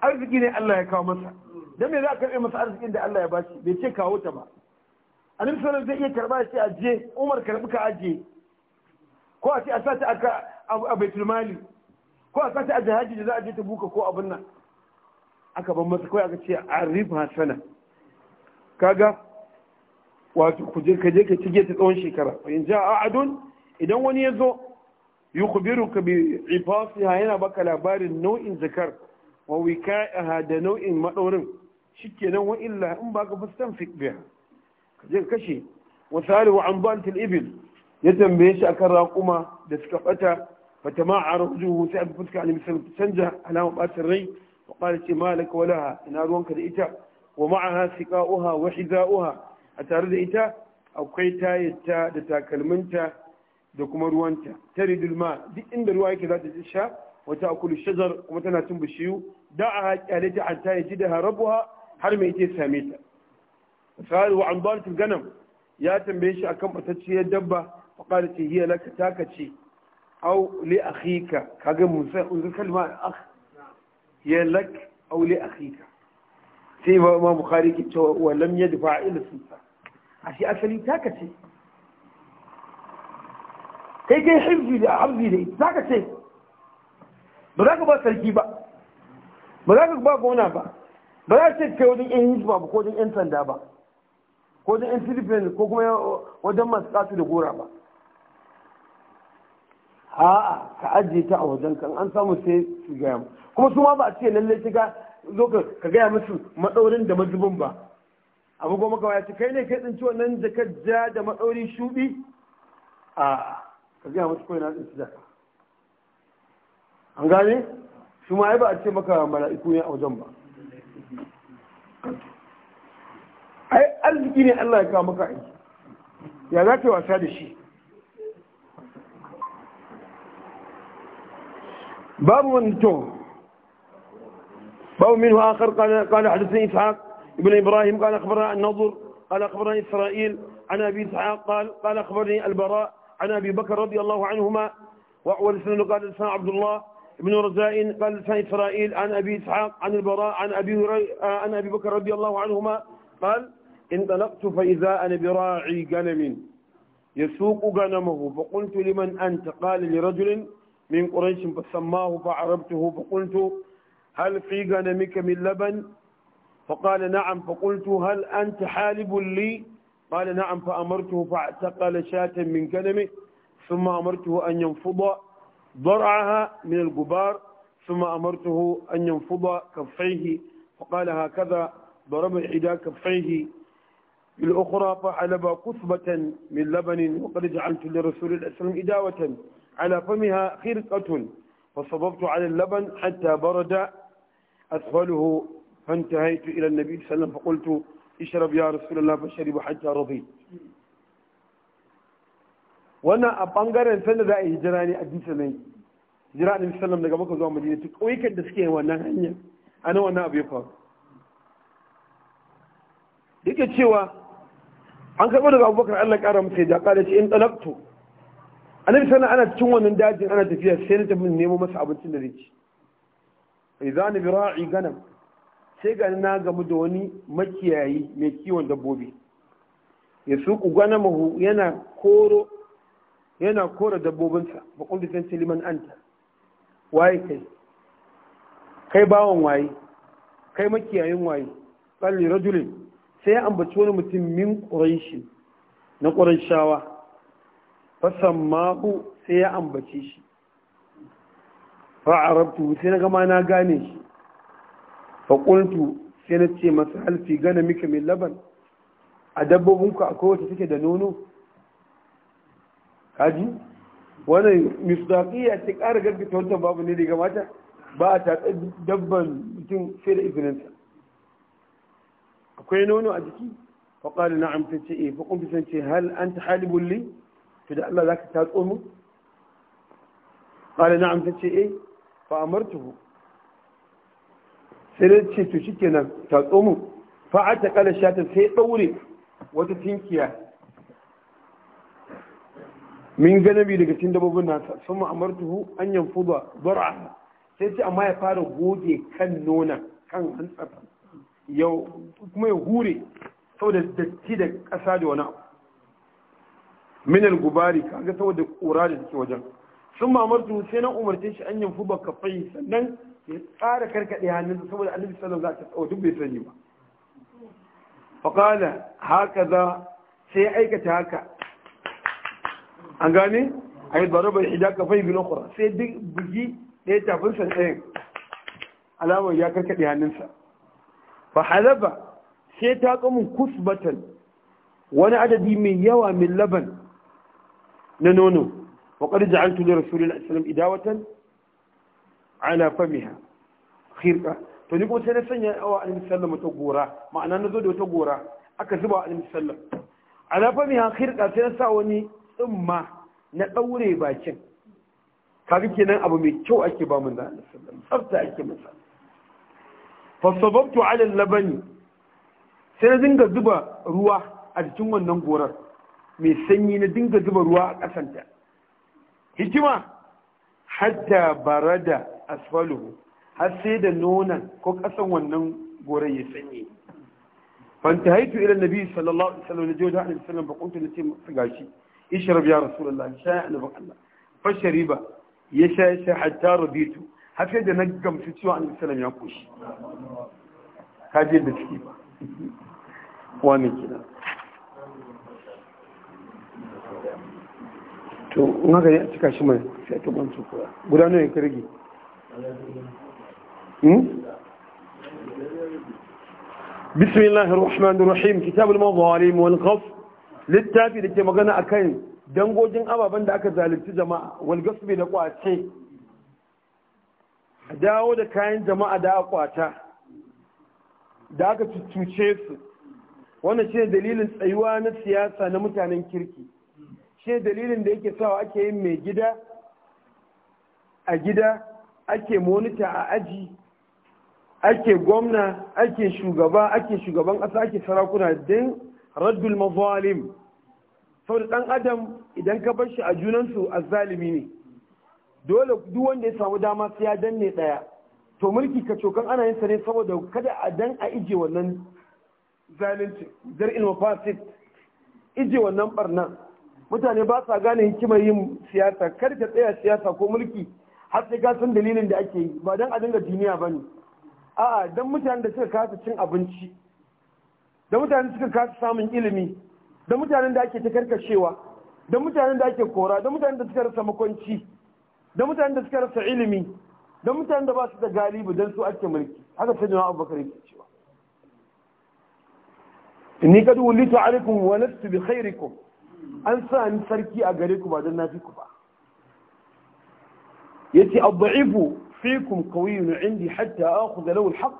arziki ne Allah ya kawo masa dan me za ka masa da Allah ya bashi bai ce kawo ta ba annabi sanar zai iya karba ya ce ajiye umar karbi ka ajiye ko a ce a sace a baitul mali ko a sace a jihaji da za a je ta buka ko abin nan aka ban masa kawai aka ce arif hasana kaga wato kuje ka je ka cige ta tsawon shekara in ja a'adun idan wani ya zo ka bi ha yana baka labarin nau'in zakar wa wika'iha da nau'in maɗaurin madaurin shikenan wa illa in baka fastan fiqbiha ka kashe wa an bantil ibil ya tambaye shi akan raƙuma da suka bata fata ma a rahujuhu sai aka fuska annabi canja alama bacin rai wa qala ce malaka walaha ina ruwanka da ita wa ma'aha uha wa uha a tare da ita akwai tayarta da takalminta da kuma ruwanta taridul ma duk inda ruwa yake za ta sha wata akulu shajar kuma tana cin bishiyu a kyale ta an tayaji da harabuwa har mai ita same ta faru an dalatul ganam ya tambaye shi akan batacciyar dabba fa qala ce hiya laka taka ce aw li akhika kaga musa unzu kalma akh hiya lak aw li akhika sai ba ma bukhari ke cewa wa lam yadfa ila sunsa ashe asali taka ce kai kai hifzi da hafzi da ita taka ce ba za ka ba sarki ba ba za ka ba gona ba ba za ka ce kai wajen yan hizba ba ko wajen yan sanda ba ko wajen yan filifin ko kuma wajen masu katu da gora ba a'a ka ajiye ta a wajen kan an samu sai su gaya mu kuma su ma ba a ce lalle shi ga zo ka gaya musu maɗaurin da mazubin ba abu goma kawai ya ce kai ne kai tsinci wannan da ka ja da maɗaurin shuɗi a ka gaya musu kawai na tsinci da ka an gane su ma ba a ce maka mala'iku ne a wajen ba ai arziki ne Allah ya kawo maka ai ya za ka yi wasa da shi babu wani to babu min wa akhar qala hadathani ishaq ibn ibrahim qala akhbarana an-nadhr qala akhbarana isra'il عن أبي إسحاق قال قال أخبرني البراء عن أبي بكر رضي الله عنهما ولسنه قال لسان عبد الله بن رزاء قال لسان إسرائيل عن أبي إسحاق عن البراء عن أبي, عن أبي بكر رضي الله عنهما قال انطلقت فإذا أنا براعي غنم يسوق غنمه فقلت لمن أنت قال لرجل من قريش فسماه فعربته فقلت هل في غنمك من لبن فقال نعم فقلت هل أنت حالب لي قال نعم فأمرته فاعتقل شاة من غنمه ثم أمرته أن ينفض ضرعها من الغبار ثم أمرته أن ينفض كفيه فقال هكذا ضرب إحدى كفيه الأخرى فعلب قصبة من لبن وقد جعلت لرسول الأسلام إداوة على فمها خرقة فصببت على اللبن حتى برد أسفله فانتهيت إلى النبي صلى الله عليه وسلم فقلت اشرب يا رسول الله فشرب حتى رضيت وانا أبانغر أن سنة ذا جراني أبي سنين إجراني صلى الله عليه وسلم لقبك زوام مدينة ويك الدسكي وانا أنا وانا أبي فاق ديك الشيوة an karɓar daga abubakar allah ƙara masa ya ƙara ce in A nan sana ana cikin wannan dajin ana tafiya sai na tafi nemo masa abincin da zai ci ni bira a ganam sai ga na gamu da wani makiyayi mai kiwon dabbobi ya suku ganamahu yana koro yana kora dabbobinsa ba kullu san liman anta waye kai kai bawan waye kai makiyayin waye qalli rajulin sai ya ambaci wani mutum min ƙuraishi na ƙuraishawa fasan ma'u sai ya ambaci shi rabtu sai na gama na gane shi faƙultu sai na ce masu halfi gana mika mai laban a dabbobinku akwai wacce take da nono kaji wannan misdaƙiya ce ƙara gargata wata babu ne daga mata ba a tatsar dabban mutum sai da izininsa akwai nono a jiki fa qala na'am ce eh fa kun fisan ce hal anta halibul li to da Allah zaka tatso mu qala na'am ta ce eh fa amartuhu sai ce to shikenan tatso mu fa ataqala shata sai daure wata tinkiya min ganabi daga cikin dabbobin nasa sun ma'amartuhu an yanfuda bar'a sai ce amma ya fara goge kan nona kan hantsarsa yau kuma ya hure saboda datti da ƙasa da wani minal gubari kaga saboda ƙura da suke wajen sun mamartu sai na umarci shi an yin fuba kafai sannan ya tsara karkaɗe hannunsa saboda annabi sallallahu alaihi wasallam za ta duk bai sani ba faƙala haka za sai ya aikata haka an gane a yi zaraba ya fai bin sai duk bugi ɗaya tafinsa ɗayan alamar ya karkaɗe hannunsa fa halaba sai ta kamun kusbatan wani adadi mai yawa min laban na nono wa qad ja'altu li rasulillahi sallallahu alaihi idawatan ala famiha khirqa to ni kuma sai na sanya wa annabi sallallahu alaihi ta gora ma'ana na zo da wata gora aka zuba wa annabi sallallahu ala famiha khirqa sai na sa wani tsumma na daure bakin kaga kenan abu mai kyau ake ba mun da annabi tsafta ake masa fasababtu alal labani sai na dinga zuba ruwa a jikin wannan gorar mai sanyi na dinga zuba ruwa a kasanta, hikima hatta barada asfaluhu har sai da nonan ko kasan wannan gorar ya sanyi fanta haitu ilan nabi sallallahu alaihi wasallam najo da annabi sallallahu alaihi wasallam nace masa gashi ishrab ya rasulullahi sha annabi Allah fashariba ya sha sha hatta raditu har sai da na gamsu cewa annabi sallam ya kushi ka je da ciki ba wani gina to in haka ya cika shi mai sai ta bantu kuwa guda nawa ya karge بسم الله الرحمن الرحيم كتاب المظالم والغصب littafi لكي مغانا أكاين دنغو dangogin أبا بند أكا zalunci jama'a wal gasbi da kwace A dawo da kayan jama'a da akwata da aka cucuce su wannan shi dalilin tsayuwa na siyasa na mutanen kirki shi dalilin da yake sawa ake yin mai gida a gida ake monita a aji ake gwamna ake shugaba ake shugaban ƙasa ake sarakuna din raddul mazalim da ɗan adam idan ka bar shi a junansu a zalimi ne dole duk wanda ya samu dama sai ya danne daya to mulki ka cokan ana yin sa ne saboda kada a dan a ije wannan zalunci ilmu mafasid ije wannan barnan mutane ba sa gane hikimar yin siyasa kar ka tsaya siyasa ko mulki har sai ka san dalilin da ake yi ba dan a dinga duniya bane a'a dan mutanen da suka kasa cin abinci da mutanen suka kasa samun ilimi da mutanen da ake ta karkashewa da mutanen da ake kora da mutanen da suka rasa makwanci da mutanen da suka rasa ilimi da mutanen da ba su da galibi don su ake mulki haka sai jama'a abubakar yake cewa inni kad wulitu alaikum wa lastu bi khairikum an sa ni sarki a gare ku ba don na fi ku ba yace ad-da'ifu fikum qawiyyun indi hatta akhudha lahu al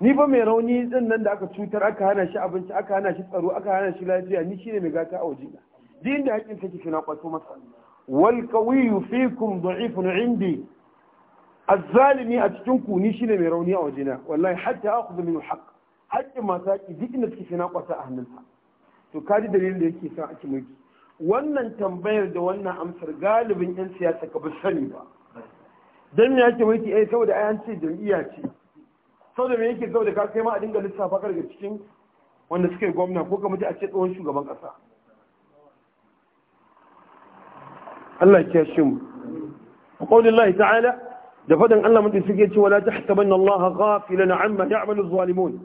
ni ba mai rauni din nan da aka cutar aka hana shi abinci aka hana shi tsaro aka hana shi lafiya ni shine mai gata a wajina duk inda hakkin take na kwato masa والقوي فيكم ضعيف عندي الظالم اتكنكو ني أتتنكو مي روني أو جنا والله حتى أخذ منه حق حتى ما تاكي ذكنا تكفينا قوة تو تكاد دليل ده يكي لكي اكي مجي wannan tambayar da wannan amsar galibin 'yan siyasa ka sani ba don ya ke mai ai saboda ai an ce jam'iyya ce saboda me yake saboda ka kai ma a dinga lissafa daga cikin wanda suka yi gwamna ko ka mutu a ce tsohon shugaban kasa Allah ya shi mu qaulillahi ta'ala da fadin Allah mutum suke cewa la tahsabanna Allah ghafilan amma ya'malu zalimun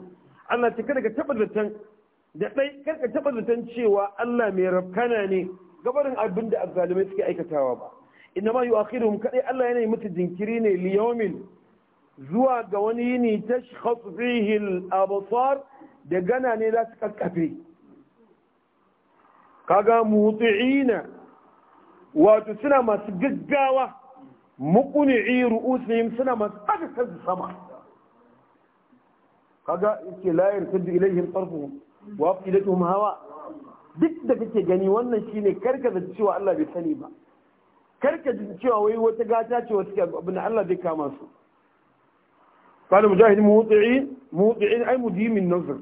Allah ta kada ka tabbatan da dai kada ka tabbatan cewa Allah mai rafkana ne gabarin abin da azzalimai suke aikatawa ba inna ma yu'akhiruhum kadai Allah yana yi mutu jinkiri ne liyomin zuwa ga wani yini tashkhas fihi da gana ne za su kakkafe kaga muti'ina wato suna masu gaggawa iru ru'usihim suna masu tsaka sama kaga yake la yartaddu ilaihim tarfu wa afidatuhum hawa duk da kake gani wannan shine karka da cewa Allah bai sani ba karka da cewa wai wata gata ce wata abin Allah bai kama su قال مجاهد موطعين موطعين اي مديم النظر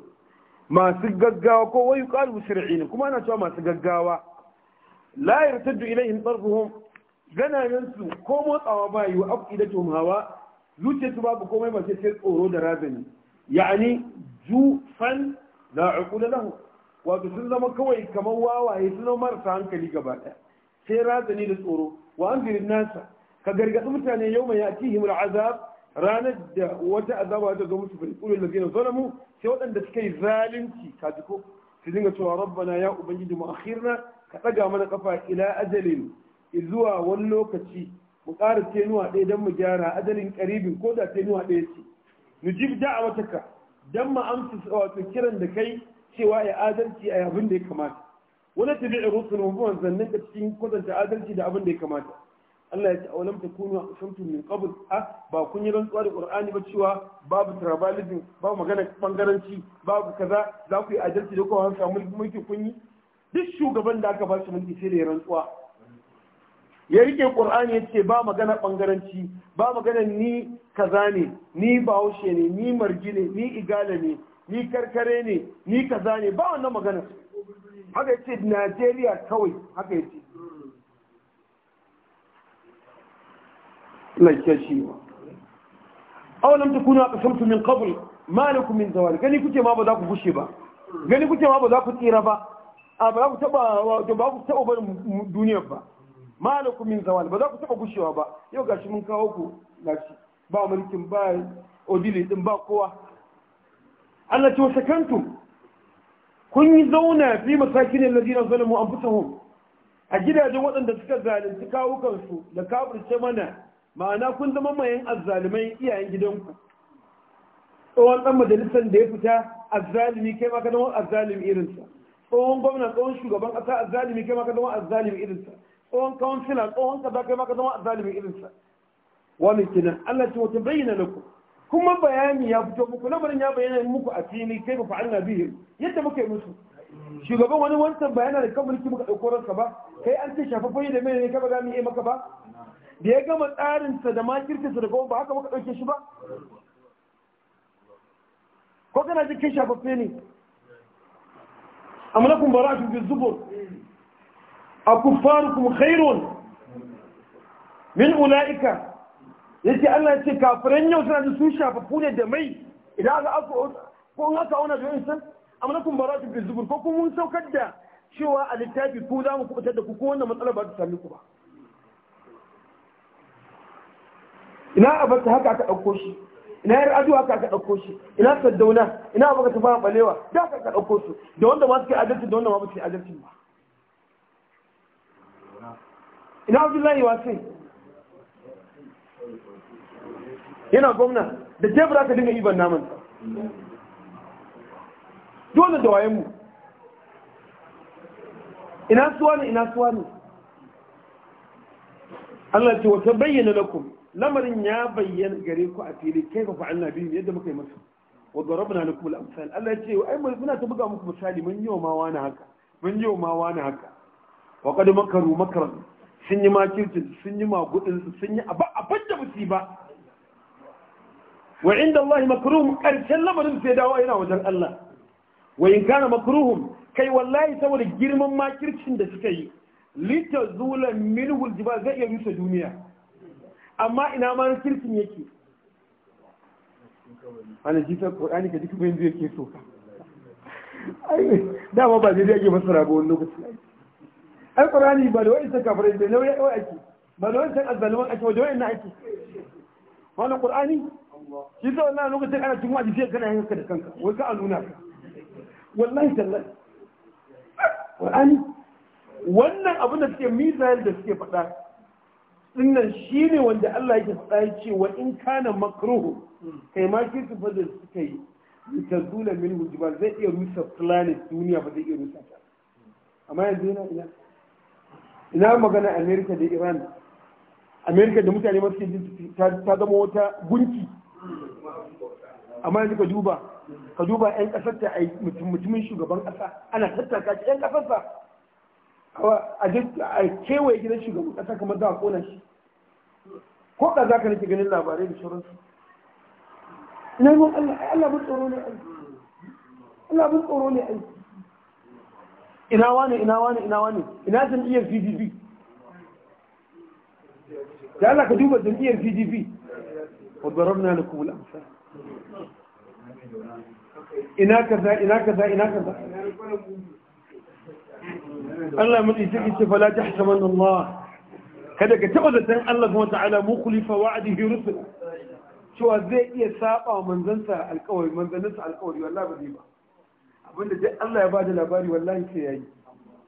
ما ko كو ويقال مسرعين كما انا cewa masu gaggawa. la yartaddu ilaihim tarfuhum ganayen su ko motsawa ba yi wa afidatuhum hawa zuciyarsu babu komai ba sai tsoro da razani ya'ani jufan la aqula wato sun zama kawai kamar wawaye sun marasa hankali gaba sai razani da tsoro wa an nasa ka gargaɗi mutane yau mai yatihim al'azab ranar da wata azaba ta zo musu bai kullu lazina zalamu sai waɗanda suka yi zalunci kaji ko su dinga cewa rabbana ya ubangiji mu akhirna ka ɗaga mana kafa ila ajalin zuwa wani lokaci mu ƙara tenuwa ɗaya don mu gyara ajalin ƙaribin ko da tenuwa ɗaya ce nujib ka, dan mu amsa wato kiran da kai cewa ya adalci a abin da ya kamata wani tabi'i rusul mu buwan zannin ka cikin kwatanta adalci da abin da ya kamata Allah ya ce awalam takunu aqsamtum min qabl ah ba kun yi rantsuwa da Qur'ani ba cewa babu tribalism babu magana bangaranci babu kaza za ku yi adalci da kowa samu mulki kun yi duk shugaban da aka ba shi mulki sai da ya rantsuwa ya rike qur'ani ya ce ba magana bangaranci ba magana ni kaza ne ni bahaushe ne ni margi ne ni igala ne ni karkare ne ni kaza ne ba wannan magana haka ya ce najeriya kawai haka ya ce A awalam ta kuna kasamtu min qabl malakum min zawal gani kuke ma ba za ku gushe ba gani kuke ma ba za ku tsira ba a ba ku taba wato ba ku taba barin duniyar ba malaku min zawal ba za ku taba gushewa ba yau gashi mun kawo ku gashi ba mulkin ba odili din ba kowa Allah ce sakantum kun yi zauna fi masakin alladina zalamu anfusahum a gidajen waɗanda suka zalunci kawukansu da kafirce mana ma'ana kun zama mayan azzalumai iyayen gidanku tsohon ɗan majalisar da ya fita azzalumi kai ma ka zama azzalumi irinsa tsohon gwamna tsohon shugaban kasa zalimi kai ma zama a zalimi irinsa tsohon kawansila tsohon kaza kai ma zama a zalimi irinsa wani kenan Allah ce wata bayyana lakum kuma bayani ya fito muku lamarin ya bayyana muku a fili kai ba fa'alna bihi yadda muka yi musu shugaban wani wancan bayana da kamar ki muka dauko ranka ba kai an ce shafafa da mai ne kaba gami iya maka ba da ya gama tsarinsa da makirkinsa da kuma ba haka muka dauke shi ba ko kana jin kai shafaffe ne am lakum bara'atun fi zubur akuffarukum khairun min ulaika yace Allah ya ce kafiran yau suna da sun shafa ne da mai idan aka ako ko in aka auna da insan am lakum bara'atun fi zubur ko kuma mun saukar da cewa a littafi ku za mu kubutar da ku ko wannan matsalar ba ta sami ku ba ina a haka aka ɗauko shi ina yar addu'a ka ka ɗauko shi ina saddauna ina baka ta fara balewa da ka ka ɗauko su da wanda ma suke adalci da wanda ma ba suke adalci ba ina abdullahi wasai yana gwamna da tebura ka dinga iban naman dole da wayenmu ina suwa ne ina suwa ne Allah ce wata bayyana lakum lamarin ya bayyana gare ku a fili kai fa fa'al nabi yadda muka yi masa wa darabna lakum al-amsal Allah ya ce ai muna ta buga muku misali mun yi wa ma wani haka mun yi wa ma wani haka wa qad makaru makran sun yi makircin sun yi magudin sun yi abin da ba. wa inda Allah makruhum karshen lamarin sai dawo yana wajen Allah wa in kana makruhum kai wallahi saboda girman makircin da suka yi litazula minhu al-jibal zai iya rusa duniya amma ina ma na kirkin yake ana jisar ƙorani ka duka bayan yake so dama ba zai yake masu rago lokaci ai ƙorani ba da wa'in saka farai da na yawa ake ba da wa'in san azzaluman ake wajen wa'in na ake wannan ƙorani shi zai wannan lokacin ana cin wajen sai kanayen yanka da kanka wai ka nuna ka wallahi tallahi ƙorani wannan abin da suke misal da suke faɗa dinnan shi ne wanda Allah yake faɗa wa in kana makruhu kai ma ke su da suka yi ta zula min hujjibal zai iya rusa planet duniya ba zai iya rusa ta amma yanzu yana ina ina magana america da iran america da mutane masu jin ta zama wata gunki amma yanzu ka duba ka duba yan kasar ta ai mutumin shugaban kasa ana tattaka shi yan kasar sa a kewaye gidan shugaban kasa kamar za a kona shi ko da za ka nake ganin labarai da sauransu ina yi Allah Allah bin tsoro ne aiki Allah bin tsoro ne aiki ina wane ina wane ina wane ina jam'iyyar PDP da Allah ka duba jam'iyyar PDP wa darabna lakum al-amsal ina kaza ina kaza ina kaza Allah mun yi take ce fala tahsabanna Allah kada ka taɓa zaton Allah subhanahu wata'ala mukhlifa wa'dihi rusul cewa zai iya saba manzansa alƙawari manzanansa alƙawari wallahi ba zai ba abinda duk Allah ya bada labari wallahi sai yi.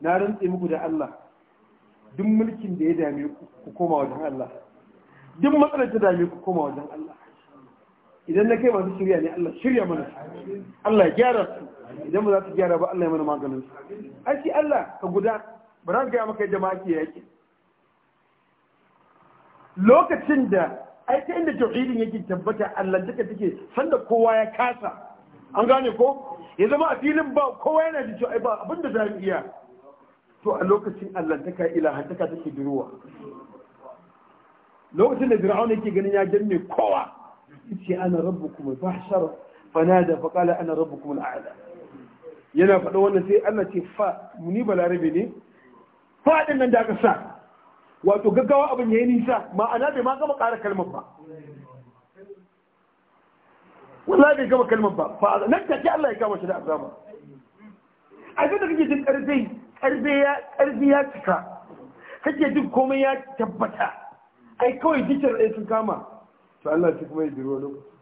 na rantse muku da Allah duk mulkin da ya dame ku ku koma wajen Allah duk matsalar ta dame ku koma wajen Allah idan na kai masu shirya ne Allah shirya mana Allah ya gyara su idan ba za su gyara ba Allah ya mana maganin su ai Allah ka guda ba za ka maka yadda ma ake yaƙi lokacin da ai inda tauhidin yake tabbata allantaka take sanda kowa ya kasa an gane ko ya zama a filin ba kowa yana da ai ba abinda da zai iya to a lokacin allantaka taka take durowa lokacin da fir'auna yake ganin ya danne kowa yace ana rabbukum al-fahshar fa faqala ana rabbukum al-a'la yana faɗa wannan sai Allah ce fa muni balarabe ne fa nan da aka sa wato gaggawa abin ya yi nisa ma'ana bai ma gama ƙara kalmar ba wallahi bai gama kalmar ba fa ta take Allah ya kama shi da azama a ga da kake jin karfi karfi ya ya cika kake jin komai ya tabbata ai kawai dukkan sun kama to Allah ya kuma ya biro lokaci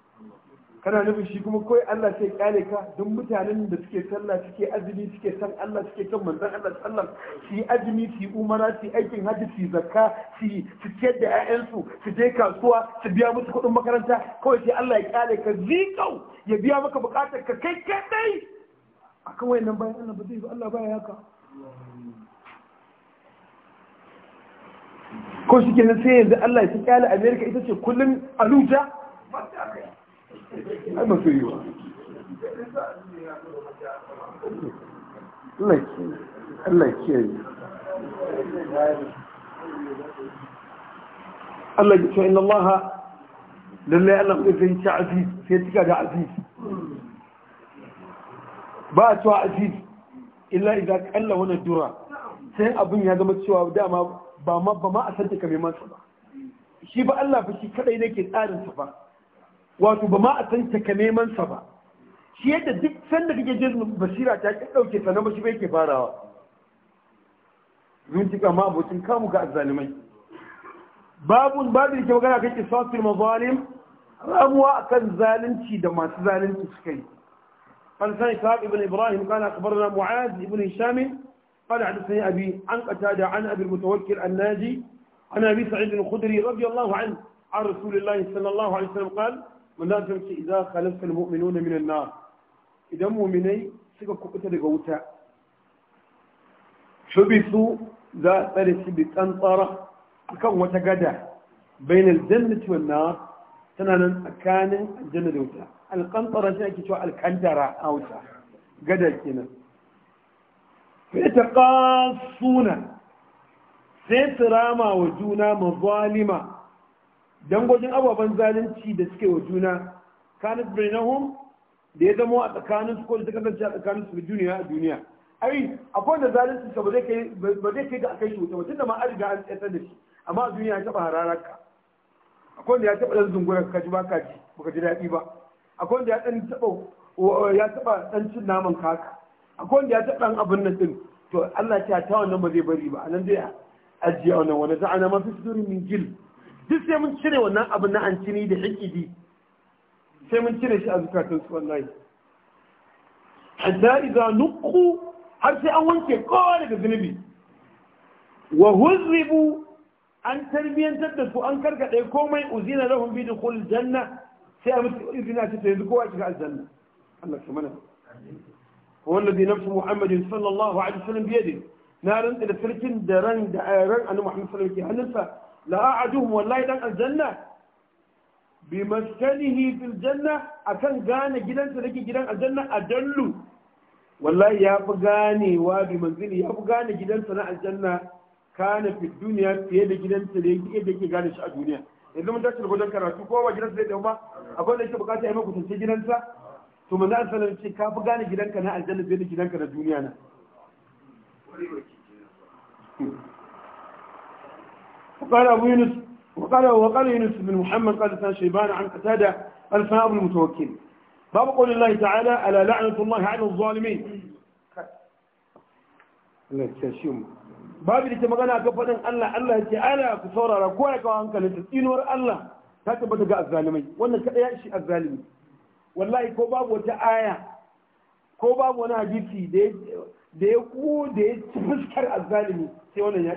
kana nufin shi kuma kawai Allah sai kyale ka don mutanen da suke sallah suke azumi suke san Allah suke kan manzon Allah sallam su yi azumi su yi umara su aikin hajji su zakka su yi su ciyar da ƴaƴansu su je kasuwa su biya musu kuɗin makaranta kawai sai Allah ya kyale ka zikau ya biya maka buƙatar ka kai kadai akan wayannan bayan Allah ba zai ba Allah baya haka ko shi kenan sai yanzu Allah ya kyale America ita ce kullun aluja ai ma su Allah ke Allah yi Allah inna Allah lalle Allah ke sai ci aziz sai tika da aziz ba a cewa aziz illa idan kalla wani dura sai abin ya zama cewa dama ba ma a santa kame masa ba shi ba Allah fa shi kadai nake tsarin sa ba wato ba ma a san ka neman sa ba shi yadda duk sanda kake jin basira ta ki dauke sanan ba bashi bai ke farawa mun tika abokin kamu ga azzalimai babun babu ke magana kan kisasul mazalim ramuwa akan zalunci da masu zalunci suka yi قال ثاني كعب بن إبراهيم قال أخبرنا معاذ بن هشام قال حدثني أبي عن قتادة عن أبي المتوكل الناجي عن أبي سعيد الخدري رضي الله عنه عن رسول الله صلى الله عليه وسلم قال manzan sun ce idan khalafal mu'minuna minan na? idan mu'minai suka kubuta daga wuta shubisu za a tsare shi bi tsantsara akan wata gada bainal jannati wan na tana nan tsakanin aljanna da wuta alqantara shi ake cewa alkantara a wuta gada kenan fa yataqasuna sai su rama wa juna mazalima dangogin ababen zalunci da suke wa juna kanis bainahum da ya zama a tsakanin su ko da ta kasance a tsakanin su duniya a duniya ai akwai da zalunci ka ba zai kai ba zai kai ga akai shi wuta tunda ma an riga an tsayar da shi amma a duniya ya taba hararaka akwai da ya taba dan zungura ka ji ba ka ji baka ji daɗi ba akwai da ya dan taba ya taba dan cin naman kaka akwai da ya taba dan abin nan din to Allah ya ta wannan ba zai bari ba anan zai ajiye wannan wani za'ana ma fi sudurin min jil duk sai mun cire wannan abin na hancini da hikidi sai mun cire shi a zukatan su wallahi hatta idza nuqu har sai an wanke kowa daga zunubi wa huzribu an tarbiyantar da su an karkade komai uzina lahum bi dukhul janna sai a mutu izina ce ta yanzu kowa shiga aljanna Allah ya mana هو الذي نفس محمد صلى الله عليه وسلم بيده نارن إلى سلكن ran درن أن محمد صلى الله عليه وسلم la'aduhum wallahi dan aljanna bi maskanihi fil janna akan gane gidansa dake gidan aljanna A dallu. wallahi ya fi ganewa bi manzili ya fi gane gidansa na aljanna kana fi duniya fiye da gidansa da yake da yake gane shi a duniya yanzu mun tashi gudan karatu ko ba gidansa zai dauma, akwai da yake bukata ya mai kusance gidansa to manzo sallallahu alaihi ce ka fi gane gidanka na aljanna fiye da gidanka na duniya na وقال أبو يونس وقال وقال يونس بن محمد قال سان شيبان عن قتادة قال سان أبو المتوكل باب قول الله تعالى ألا لعنة الله على الظالمين Allah ya shi mu babu da ta magana ga faɗin Allah Allah ya ala ku saurara ko ya kawo hankali ta tsinuwar Allah ta tabbata ga azzalimai wannan kada ya shi azzalimi wallahi ko babu wata aya ko babu wani da ya da ya da ya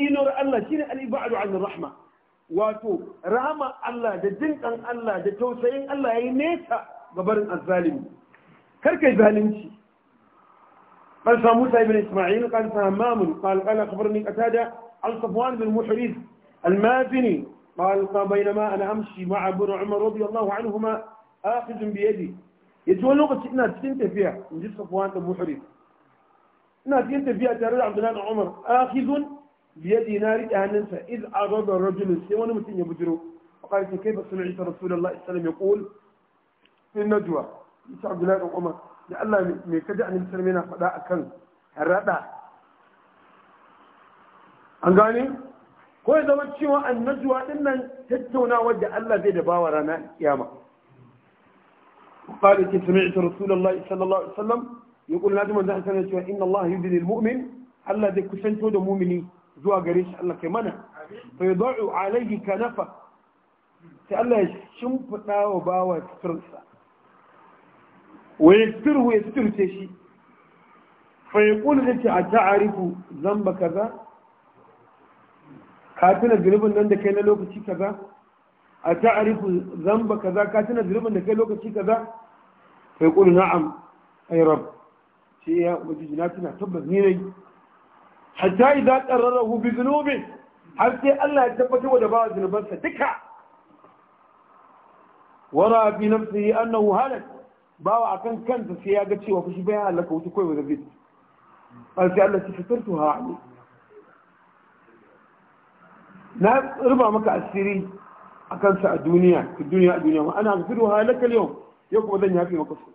inuwar Allah shine al-ibadu an rahma wato rahma Allah da jinkan Allah da tausayin Allah yayi nesa ga barin azzalimi kar kai zalunci قال موسى بن إسماعيل قال همام قال قال أخبرني قتادة عن صفوان بن محرز المازني قال بينما أنا أمشي مع ابن عمر رضي الله عنهما آخذ بيدي يجوا لغة إنا تنت فيها نجيب صفوان بن محرز إنا تنت فيها ترى عبد الله عمر آخذ biyadi na riƙe hannunsa iz arada rajulun sai wani mutum ya bujiro فقال كيف سمعت رسول الله صلى الله عليه وسلم يقول في النجوى يسع عبد الله بن عمر يا الله من كدا ان المسلمين فدا اكن الردا an gane ko ya zama cewa annajuwa din nan tattaunawa da Allah zai da bawa rana kiyama qala ki sami'tu rasulullahi sallallahu alaihi wasallam yaqul nadi man zan sanar cewa inna Allah yudil mu'min Allah zai kusanto da mu'mini zuwa gare shi Allah kai mana fa yad'u alayhi kanafa sai Allah ya shimfida wa bawa sirrinsa waye yastiru ya sitirce shi fa yaqul zati ata'rifu zamba kaza ka tuna zulubin nan da kai na lokaci kaza a ta'arifu zamba kaza ka tuna zulubin da kai lokaci kaza fa yaqul na'am ay rabb shi ya ubangiji na tuna tabbas ni ne hatta idza qarrarahu bi dhunubi har sai Allah ya tabbatar da bawa zunubansa duka wara fi nafsihi annahu ba bawa akan kanta sai ya ga cewa fushi bayan Allah ka wuce kawai da zai an sai Allah su fitartu ha ali na ruba maka asiri akan sa a duniya a duniya a duniya ma ana gafiru halaka yau yau kuma zan yafi maka su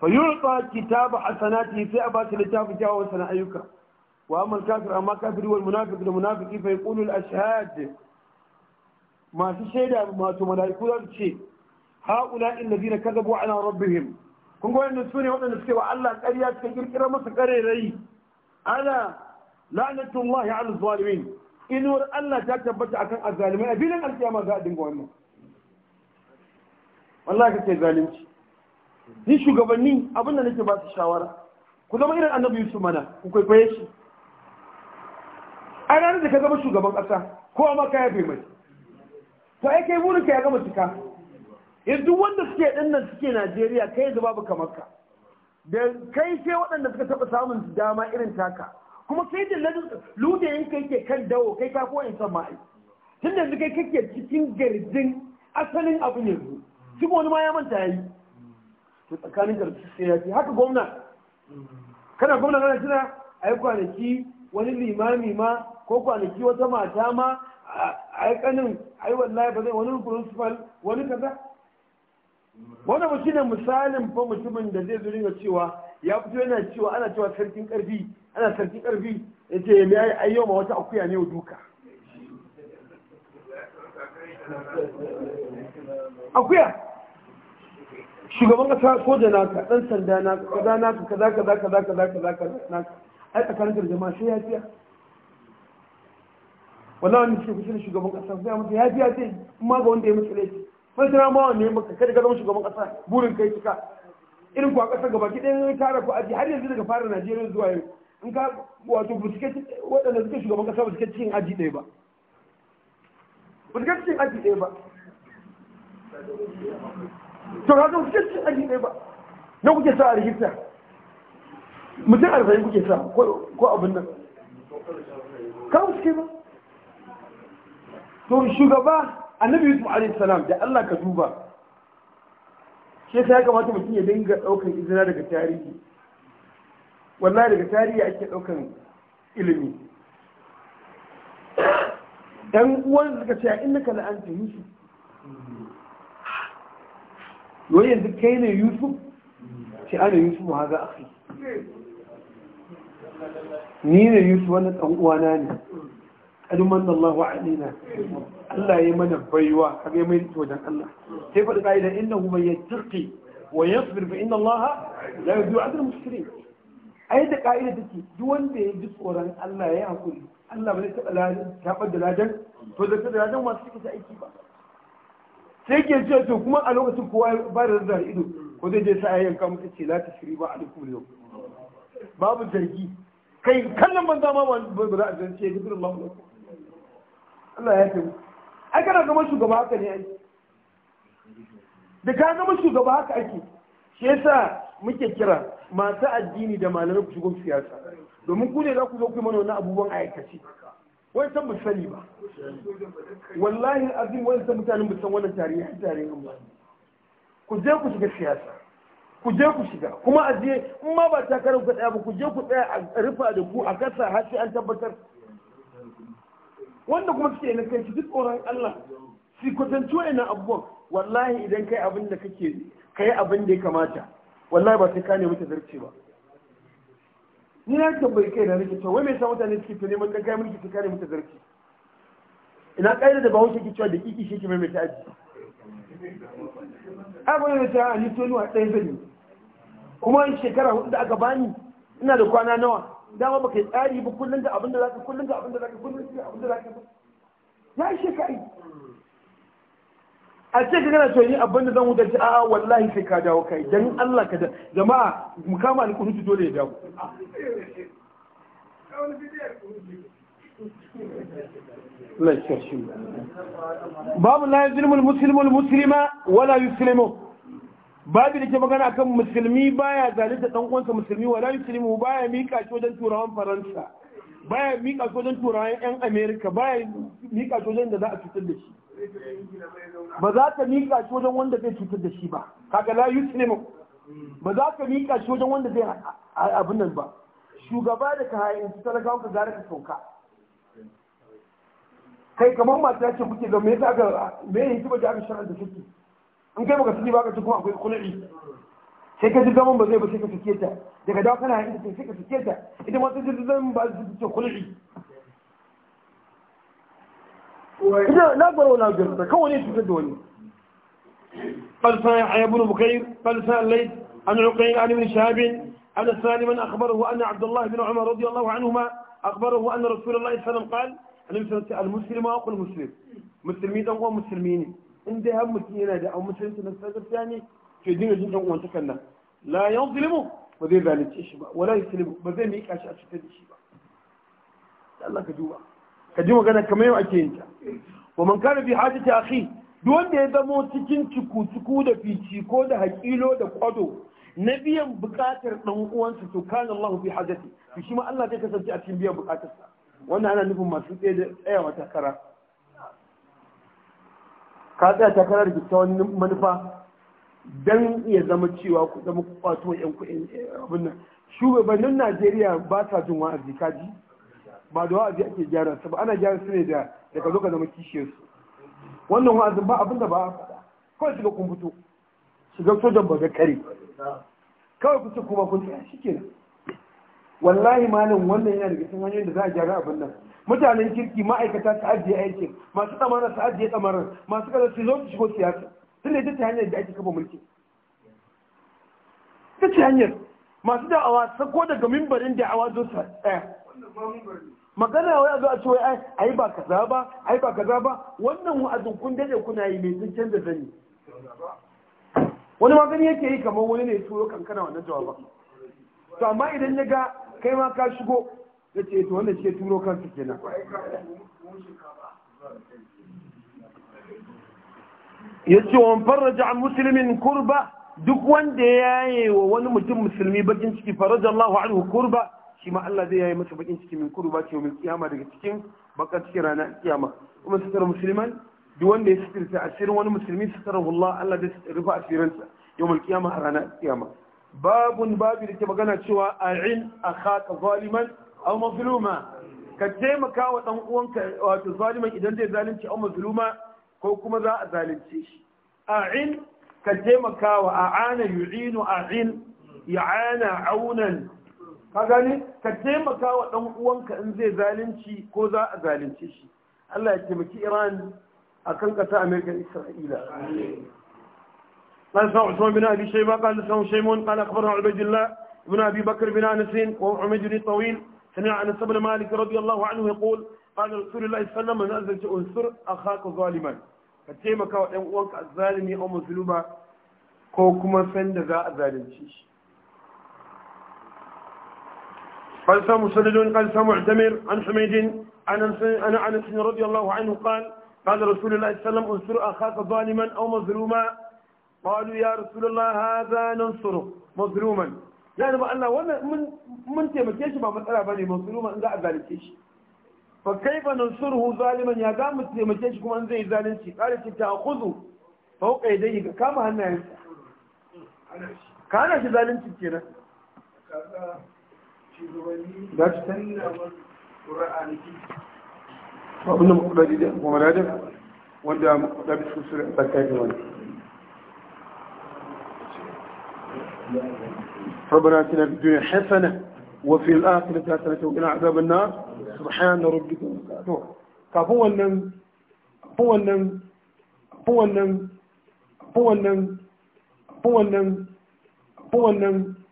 fa yurfa kitabu hasanati sai a ba shi littafin kyawawan sana ayyuka wa amma kafir amma kafir wal munafiq da munafiki fa yaqulu al ashhad masu shaida masu mala'iku za ce haula illazina kadabu ala rabbihim kun ga wannan sune waɗanda suke wa Allah ƙarya suka kirkira masa ƙarerai ala la'natullahi ala zalimin inuwar Allah ta tabbata akan azzalimai a filin alkiyama za a dinga wannan wallahi kake zalunci ni shugabanni abinda nake ba su shawara ku zama irin annabi yusuf mana ku kwaikwaye shi a ranar da ka zama shugaban ƙasa ko maka ka bai mai to ai kai burinka ya gama cika yanzu wanda suke nan suke najeriya kai zuba babu kamar ka da kai sai waɗanda suka taɓa samun dama irin taka kuma kai da yin kai ke kan dawo kai ka kowa insan ma'ai tun yanzu kai kake cikin garjin asalin abin yanzu cikin wani ma ya manta ya yi tsakanin karfi sai ya ce haka gwamna kana gwamna kana tuna a yi kwanaki wani limami ma ko kwanaki wata mata ma a yi kanin a yi wallahi ba zai wani principal wani kaza wannan mutum ne misalin ba mutumin da zai zuringa cewa ya fito yana cewa ana cewa sarkin karfi ana sarkin karfi ya ce ya mai ayyau ma wata akuya ne duka akuya shugaban kasa soja da naka dan sanda naka, kaza naka kaza kaza kaza kaza kaza naka ai tsakanin jama'a sai ya fiya wallahi ne shi ne shugaban kasa sai mutum ya fiya sai ma ga wanda ya mutu laifi mai tana ma wanne maka kada ka zama shugaban kasa burin kai kika. irin ku a kasa gaba ki dan tara ku aji har yanzu daga fara Najeriya zuwa yau in ka wato biskit wadanda suke shugaban kasa biskit cikin aji ɗaya ba biskit cikin aji ɗaya ba to ka kuke cin aji ɗaya ba na kuke sa a rikista mutum arba'in kuke sa ko abin nan kawo suke ba to shugaba annabi yusuf alaihi salam da allah ka duba shi ya kamata mutum ya dinga ɗaukar izina daga tarihi wallahi daga tarihi ake ɗaukar ilimi ɗan uwan suka ce a inda ka la'anta yusuf wai yanzu kai ne yusuf ce ana yusuf haza akhi ni ne yusuf wani ɗan uwana ne kalman Allah wa alina Allah ya mana baiwa kaga ya mai to dan Allah sai faɗi kaida kuma ya yattaqi wa yasbir fa inna Allah la yudiu ajra al a ai da ta take duk wanda ya ji tsoron Allah ya hakuri Allah ba zai taɓa ladan taɓa da ladan to da ladan masu suke aiki ba sai ke ce to kuma a lokacin kowa ba da zarar ido ko zai je sa a yanka mutu ce la tashri ba kuma yau babu zargi kai kallon banza ma ba za a zance ya gidan Allah Allah ya tabu ai kana zama shugaba haka ne ai da ka zama shugaba haka ake shi yasa muke kira masu addini da malamai ku shigo siyasa domin ku ne za ku zo ku mana wani abubuwan aikace wai san ba sani ba wallahi azim wai san mutanen ba san wannan tarihi tarihin ba ku je ku shiga siyasa ku je ku shiga kuma a je in ma ba takarar ku tsaya ba ku je ku tsaya a rufa da ku a kasa har sai an tabbatar wanda kuma suke na kai duk tsoron Allah su kwatanci ina abubuwan wallahi idan kai abin da kake kai abin da ya kamata wallahi ba sai ka nemi zarce ba ni na tambayi kai na nake to wai me yasa mutane suke ta neman kai mulki ta kare mata zarki ina kaida da bawon ke cewa da kiki shi ke mai ta aji abu ne ta ni to ni wa dai yi kuma shekara hudu da aka bani ina da kwana nawa dama baka yi tsari ba kullum da abinda da zaka kullum da abinda da zaka kullum da abinda da zaka ya yi shekaru a ce ka gana tunani abin zan wuce ce a'a wallahi sai ka dawo kai dan Allah ka da jama'a mu kama alƙunutu dole ya dawo babu la yuzlimul muslimul muslima wala yuslimu babu da ke magana akan musulmi baya zalunta dan uwansa musulmi wala yuslimu baya mika shi wajen turawan faransa baya miƙa sojan turawan 'yan amerika baya miƙa sojan da za a cutar da shi ba za ka miƙa sojan wanda zai cutar da shi ba kaga la yuslimu ba za ka miƙa sojan wanda zai abin nan ba shugaba da ka hayan su talakawa ka gara ka sauka kai kamar ya ce kuke ga me yasa ga me yasa ba da aka sharar da kuke in kai baka sani ba ka ci kuma akwai kulli sai ka ji zaman ba zai ba sai ka sake ta daga dawa kana hankali sai ka sake ta ita ma ta ji zaman ba zai ta kulli ina na gwara wani ajiyar da kawai ne cutar da wani قال سمع يحيى بن بكير قال سمع الليث عن عقيل عن ابن شهاب أن سالما أخبره أن عبد الله بن عمر رضي الله عنهما أخبره أن رسول الله صلى الله عليه وسلم قال المسلم أقوى المسلم مسلمين أقوى مسلمين إن ذهب مسلمين أو مسلمين نستجر ثاني ke dinga jin dan nan la ba zai zalunce shi ba wala ba zai miƙa shi a cutar da shi ba Allah ka duba ka ji magana kamar yau ake yin ta wa man kana bi akhi duk wanda ya zamo cikin cuku-cuku da fici ko da haƙilo da kwado na biyan buƙatar ɗan uwansa to kana Allah bi hajati to shi ma Allah zai kasance a cikin biyan buƙatarsa wannan ana nufin masu tsaye da tsayawa takara ka tsaya takara da manufa don ya zama cewa ku zama kwato yan kuɗin eh, abin nan shugabannin najeriya ba sa jin wa'azi kaji ba da wa'azi ake gyara su ba ana gyara su ne da daga zo ka zama kishiyar su wannan wa'azin ba abin da ba faɗa kawai shiga kun fito shiga sojan ba ga kare kawai ku ce kuma kun tsaya shi kenan wallahi malam wannan yana daga cikin hanyoyin da za a gyara abin nan mutanen kirki ma'aikata ta ajiye aikin masu tsamarar ta ajiye tsamarar masu kada su zo su shigo siyasa sun ta hanyar da ake kafa mulki Ta ce hanyar masu da'awa sako daga mimbarin da'awa zo sa ɗaya? magana wai a zo a ce wai ai ba kaza ba ai ba kaza ba wannan wa'azin kun dade kuna yi mai sun canza zani wani magani yake yi kamar wani ne turo kankana wannan jawaba to amma idan ya ga kai ma ka shigo ya ce to wannan shi turo kansa kenan ya ce wa farraja an musulmin kurba duk wanda ya yaye wa wani mutum musulmi bakin ciki faraja Allahu anhu kurba shi ma Allah zai yaye masa bakin ciki min kurba ce min kiyama daga cikin bakar cikin ranar kiyama kuma sitar musulman duk wanda ya sitirta asirin wani musulmi sitar Allah Allah zai rufe asirinsa yau mal kiyama a ranar kiyama babun babu da ke magana cewa a'in akhaka zaliman aw mazluma ka taimaka wa dan uwanka wato zaliman idan zai zalunci aw mazluma ko kuma za a zalunce shi a'in ka taimaka wa a'ana yu'inu a'in ya'ana aunan ka gani ka taimaka wa dan uwanka in zai zalunci ko za a zalunce shi Allah ya taimaki Iran akan kasa Amerika Isra'ila قال سمع عثمان بن أبي شيبة قال سمع شيمون قال أخبرنا عبيد الله بن أبي بكر بن أنس وعميد الطويل سمع أنس بن مالك رضي الله عنه يقول qala rasulullahi sallallahu alaihi wasallam unsur akhaka zaliman ka taimaka wa dan uwanka azzalimi aw mazluma ko kuma san da za a zalunci shi فالسام مسدد قال سام معتمر عن حميد عن انس رضي الله عنه قال قال رسول الله صلى الله عليه وسلم انصر اخاك ظالما او مظلوما قالوا يا رسول الله هذا ننصره مظلوما يعني بقى الله وانا من من تيمكيش ما مسألة بني مظلوما ان ذا ذلك شيء فكيف ننصره ظالما يا دام متيمتيش كما زي ظالمتي قالت تأخذه فوق يديه كما هنا ينسى كان ظالمتي كنا كذا ربنا اتنا بدون حسنه وفي الآخرة ثلاثة من عذاب النار سبحان ربك فهو النم النم هو النم هو النم هو النم هو النم, هو النم.